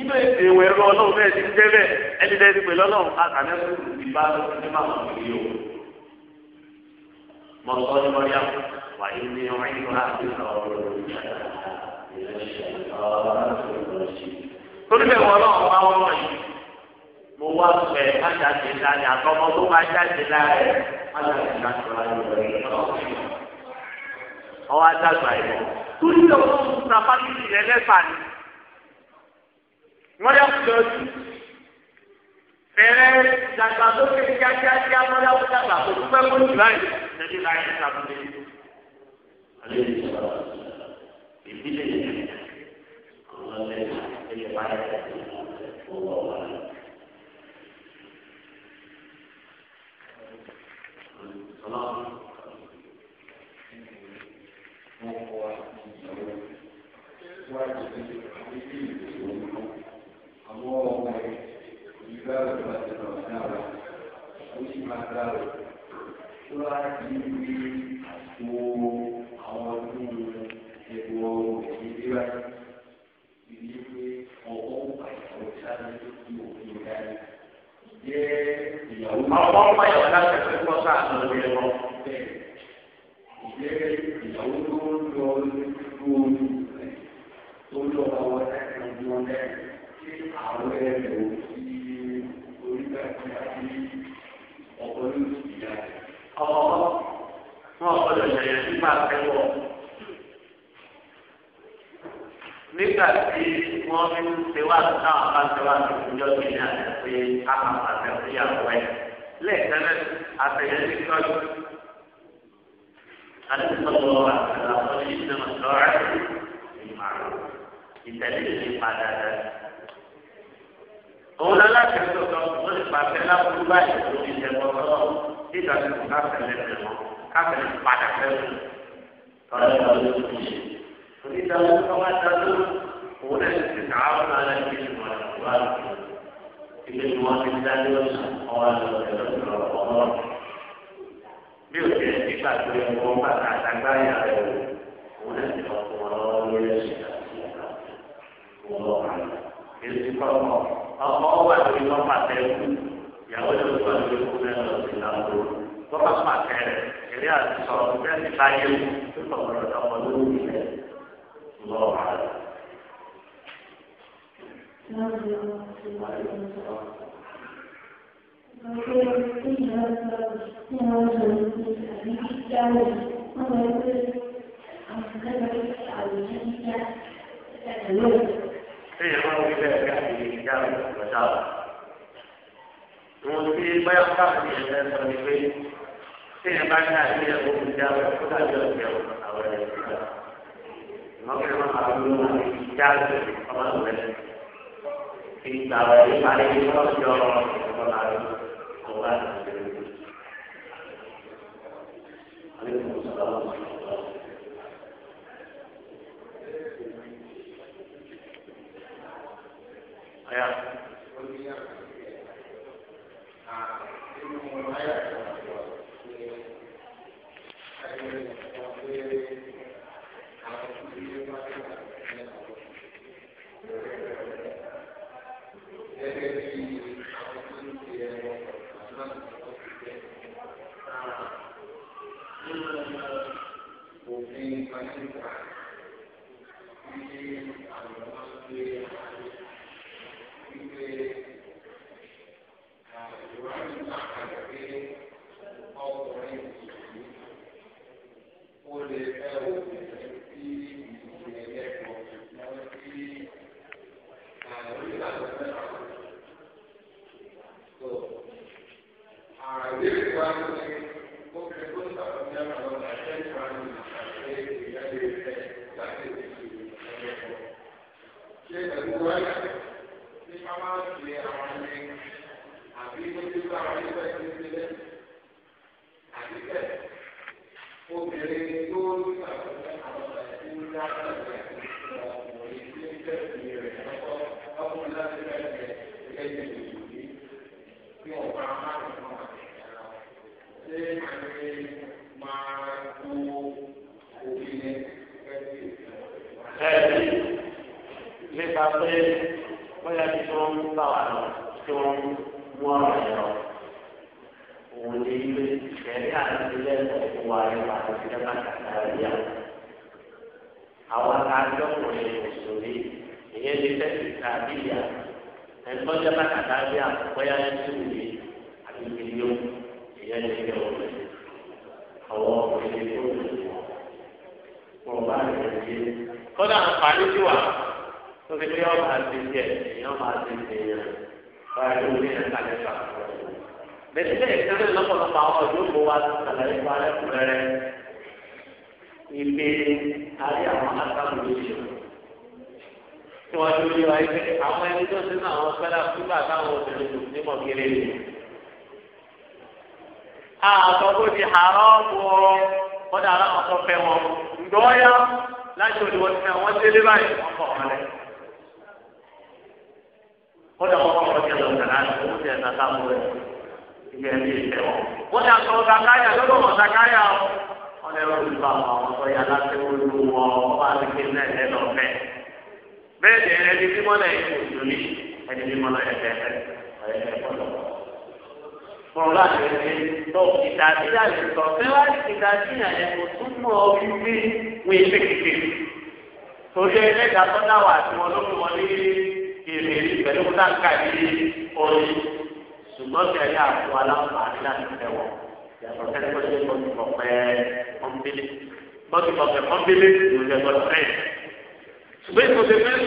inú ètò ìwé ẹ̀rọ ọlọ́run bẹ́ẹ̀ ti ń jẹ́ bẹ́ẹ̀ ẹni bẹ́ẹ̀ ti pèlú ọlọ́run àtàlẹ́ fún mi bá lọ sí máa wọ̀ mí o. mo sọ ní wọ́n yá wà á ní ọmọ yìí wọ́n á ti sọ ọ̀rọ̀ torí bẹ́ẹ̀ wọ́n náà wá wọ́n wọ̀nyí mo wá pẹ̀ ájáde láàrin àtọmọ tó máa jáde láàrin ájáde láti wáyé rẹ̀ lọ́wọ́ ọwọ́ adágbà ẹ̀ torí ọ̀rọ̀ mùsàfà yìí rẹ̀ lẹ́fà ni wọ́n yà kúlọ̀ ọdún fẹ́rẹ́ dàgbàsókè kíákíákíá wọ́n yà kúlọ̀ àgbà kò dúpẹ́ kó jù láyé ṣẹ́jú láyé ṣàkóso alẹ́ ìṣòro ìdílé yẹn àwọn ọ̀rẹ́ ẹ̀yẹ báyìí ọwọ́ wa. Thank you àwọn ọmọ yẹn wọn láti ẹsẹ kí wọn sá àtúntò yẹn lọ omi ọjọ́ àwọn ẹ̀rọ nígbà tí wọ́n fi ń ṣe wá táwọn bá ìjọ tó ní àná pé a máa ẹ̀ lẹ́ẹ̀kan àtẹ̀yẹ́ ní tọ́jú. النبي صلى الله عليه وسلم قال إنما الساعة بالمعروف ìtẹ̀lẹ́sì padà rẹ̀. òun aláṣẹ tó sọ fún ìpàṣẹ lábúrú báyìí tó ti tẹ̀wọ́ lọ́wọ́ nígbà tí kò káfẹ́lẹ́ tẹ̀wọ́ káfẹ́lẹ́ padà fẹ́ẹ́ tọ́lá ìgbà ló ti ṣe. onídàá ló kọ́ wá dá lóru òun náà ti ti kàá fún ara ẹni tí wọ́n ti wá lọ. ilé tí wọ́n ti dá lóru ọwọ́ lọ́wọ́ ẹ̀rọ ìrọ̀lọ́ bí o tiẹ̀ nígbà tó yẹ kó bàtà àtàgbáyà rẹ̀ o òun náà ti lọ fún ọ lórí ẹ̀sìn àti ẹ̀ka òun lọ́wọ́ àná. èsì kọ́kọ́ ọkọ̀ wà lórí wọn pàtẹ ẹ̀kú ìyàwó yóò tó lórí ẹ̀kú náà lọ sí ìlànà wọ́n bá pàtẹ èrè àti sọ̀rọ̀ bẹ́ẹ̀ ti báyé o tó kọ̀ lọ́dọ̀ ọmọ lórí ilẹ̀ lọ́wọ́ àná. Téèyàn máa ń wí bẹ́ẹ̀ bí àti ìdáhùn ìgbàdá ọ̀. Ìwọ̀n tí báyọ̀ káàkiri ẹ̀fẹ́ sọ ni pé téèyàn bá ní àti ẹ̀kọ́ ìdáhùn tó dájú ọ̀sẹ̀ àwọn ẹ̀rọ ìgbà. Ìmọ̀kẹ́ máa máa ń lo القرآن الكريم عليكم السلام ورحمة الله ayat ayat aláwọ̀ tó fẹ́ wọn ǹdọ́ọ́yá láti òdiwọ̀ tí wọ́n délé báyìí wọ́n kọ̀ wọn lẹ̀. kódà wọn kọ́ ọ̀rọ̀ kẹlẹ̀ ọ̀sẹ̀ láti ó ti ẹ̀ta sáà mú rẹ̀ ilé ẹni ìfẹ́ wọn. wọ́n ti àtọ̀ sàkáyà wọn sàkáyà ọ. wọ́n lè rọ́ọ̀lù bá àwọn ọ̀sọ̀ yà láti wọ́n lu wọn ọba àdìgbé náà lẹ́nu ọ̀fẹ́. bẹ́ẹ̀ ni ẹni tí mọ́lẹ̀ ẹni tí mọ́lẹ̀ ẹ̀fẹ́ ẹ̀fẹ́ ọ̀dọ̀ ọ̀rọ̀ àgbẹ̀rẹ̀ tó ìdá àbíyá lè sọ pé wá ìdá àbíyá yẹn kò túmọ̀ wípé wọ́n ilé kékeré. Torí ẹlẹ́dàá tó dáwà àti wọn ló fi wọn ní èrè pẹ̀lú táǹkà ní orin. Ṣùgbọ́n bí ẹ̀yà àpò aláǹfààní láti fẹ́ wọn. Yàtọ̀ kẹ́lẹ́ tó ṣe kó ti kọ̀pẹ́ kọ́ńbélé. Bọ́sì kọ̀pẹ́ kọ́ńbélé ló jẹ́ bọ́sì rẹ̀. Ṣùgbọ́n tó wípé ń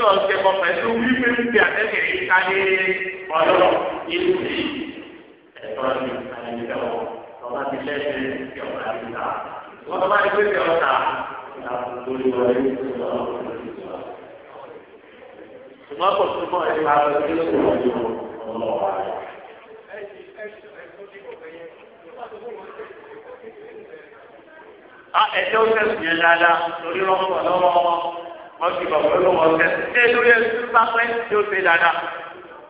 bẹ tọ́lá ní àyẹ̀dẹ́ wọn tọ́lá ti lẹ́sẹ̀ ti ọ̀tá ti ta wọ́n tọ́lá ti pèsè ọ̀tá lórí wọlé ṣùgbọ́n kò túbọ̀ ẹ̀ máa lọ sí ìwọ̀n ọlọ́wọ́ rẹ̀. ẹjọ́ sẹ́sùn yẹn dáadáa lórí rọ́pò lọ́wọ́ wọn ti bọ̀ pé ó lọ́wọ́ sẹ́sùn. ṣé lórí ẹ̀sùn bá pẹ́ tí ó ṣe dáadáa.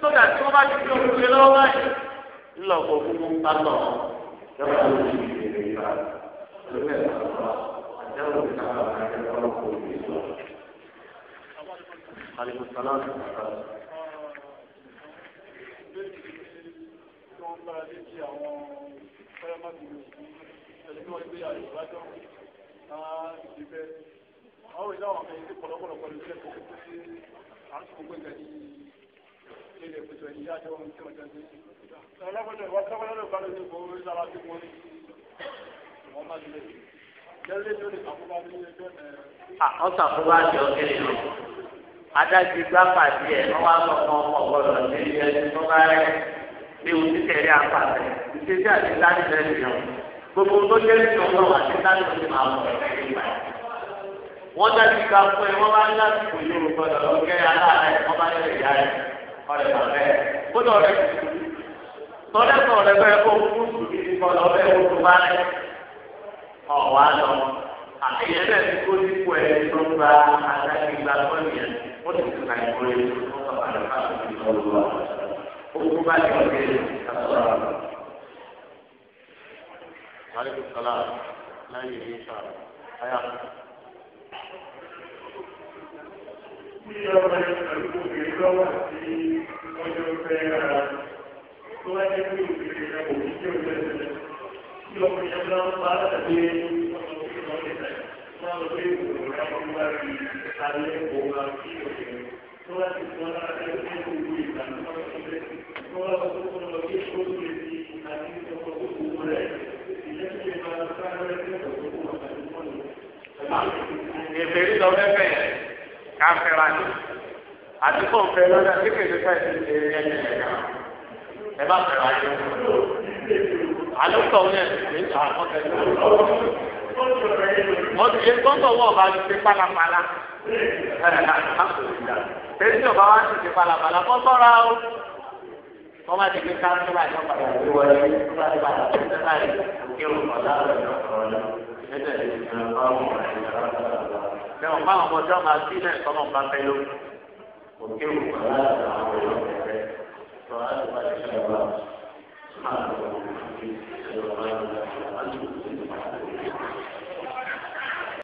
sódà tí wọ́n bá ti fi òkú lé lọ́wọ́ báyìí ńlọ kó fún un bá lọ yọ̀ọ́ ilé kòtò ìyá àjọ ohun tí wọ́n jẹ́ ní. ọlọ́gbọ́dọ̀ ìwọ sọ́kọ́lọ́ ló bá lóde ìbò orí sára tí wọ́n ní. wọ́n má lè jẹ́lé tó lè kàkúbá ní ẹjọ́ ẹ̀. àwọn sàkóbá jọ kéré lọ adájú gbá pàdé ẹ wọn wá sọ fún ọmọ ọgbọdọ ní ilé ẹni tó bá rẹ ní ohun tí kẹrẹ àpàtẹ ìṣesí àti sáré lẹ́nu yẹn gbogbo tó jẹ ní ọgbọdọ wà sí sáré lẹ́nu àwọn ọ̀rẹ́ ìgbà wọ́n dájú ká fún ẹ wọ́n bá ń lásìkò yóò gbọ́dọ̀ lọ́kẹ́ aláàárẹ̀ wọ́n bá yẹ ọ̀rẹ́ bàbẹ́ gbọ́dọ̀ rẹ̀ tọ́lá kan rẹ̀ bẹ́ẹ̀ kó kú ìdí kan lọ bẹ́ẹ̀ kó tó bá rẹ̀ ọ̀wá lọ àtẹ̀yẹ náà ti kó dípò ẹ̀ tó gba adájú gba lọ́ọ̀nì ó ti tún àyè kúrẹ́ tó kọ́ bàbá rẹ̀ fáwọn ìdílé ogun bá ti ọ̀gẹ́ ìdásọ́ra. Aleykum salaam, láyé ìṣàlẹ̀, ayá tí lọ fẹ́fẹ́ yẹn. káfíńrà ni àti kò fẹ́ lọ́dọ̀ tí kò fẹ́ ṣe ẹni ẹ̀ka ẹ bá fẹ́ ra yẹn. àlùkò yẹn ní àkọsẹ̀ ní ọ̀rọ̀. wọ́n ti ṣe ọba ti ṣe ọba wa ti ṣe kọ́ sọ́ra o. wọ́n ti wọlé tí ti ṣe báyìí kí dáhùn tẹ̀wọ̀n fáwọn ọmọ tí wọ́n máa náà bá fẹ́ ló òkè òkú aláàbò àwọn èèyàn fẹ́ tó aláàbò bá ti ṣe wá.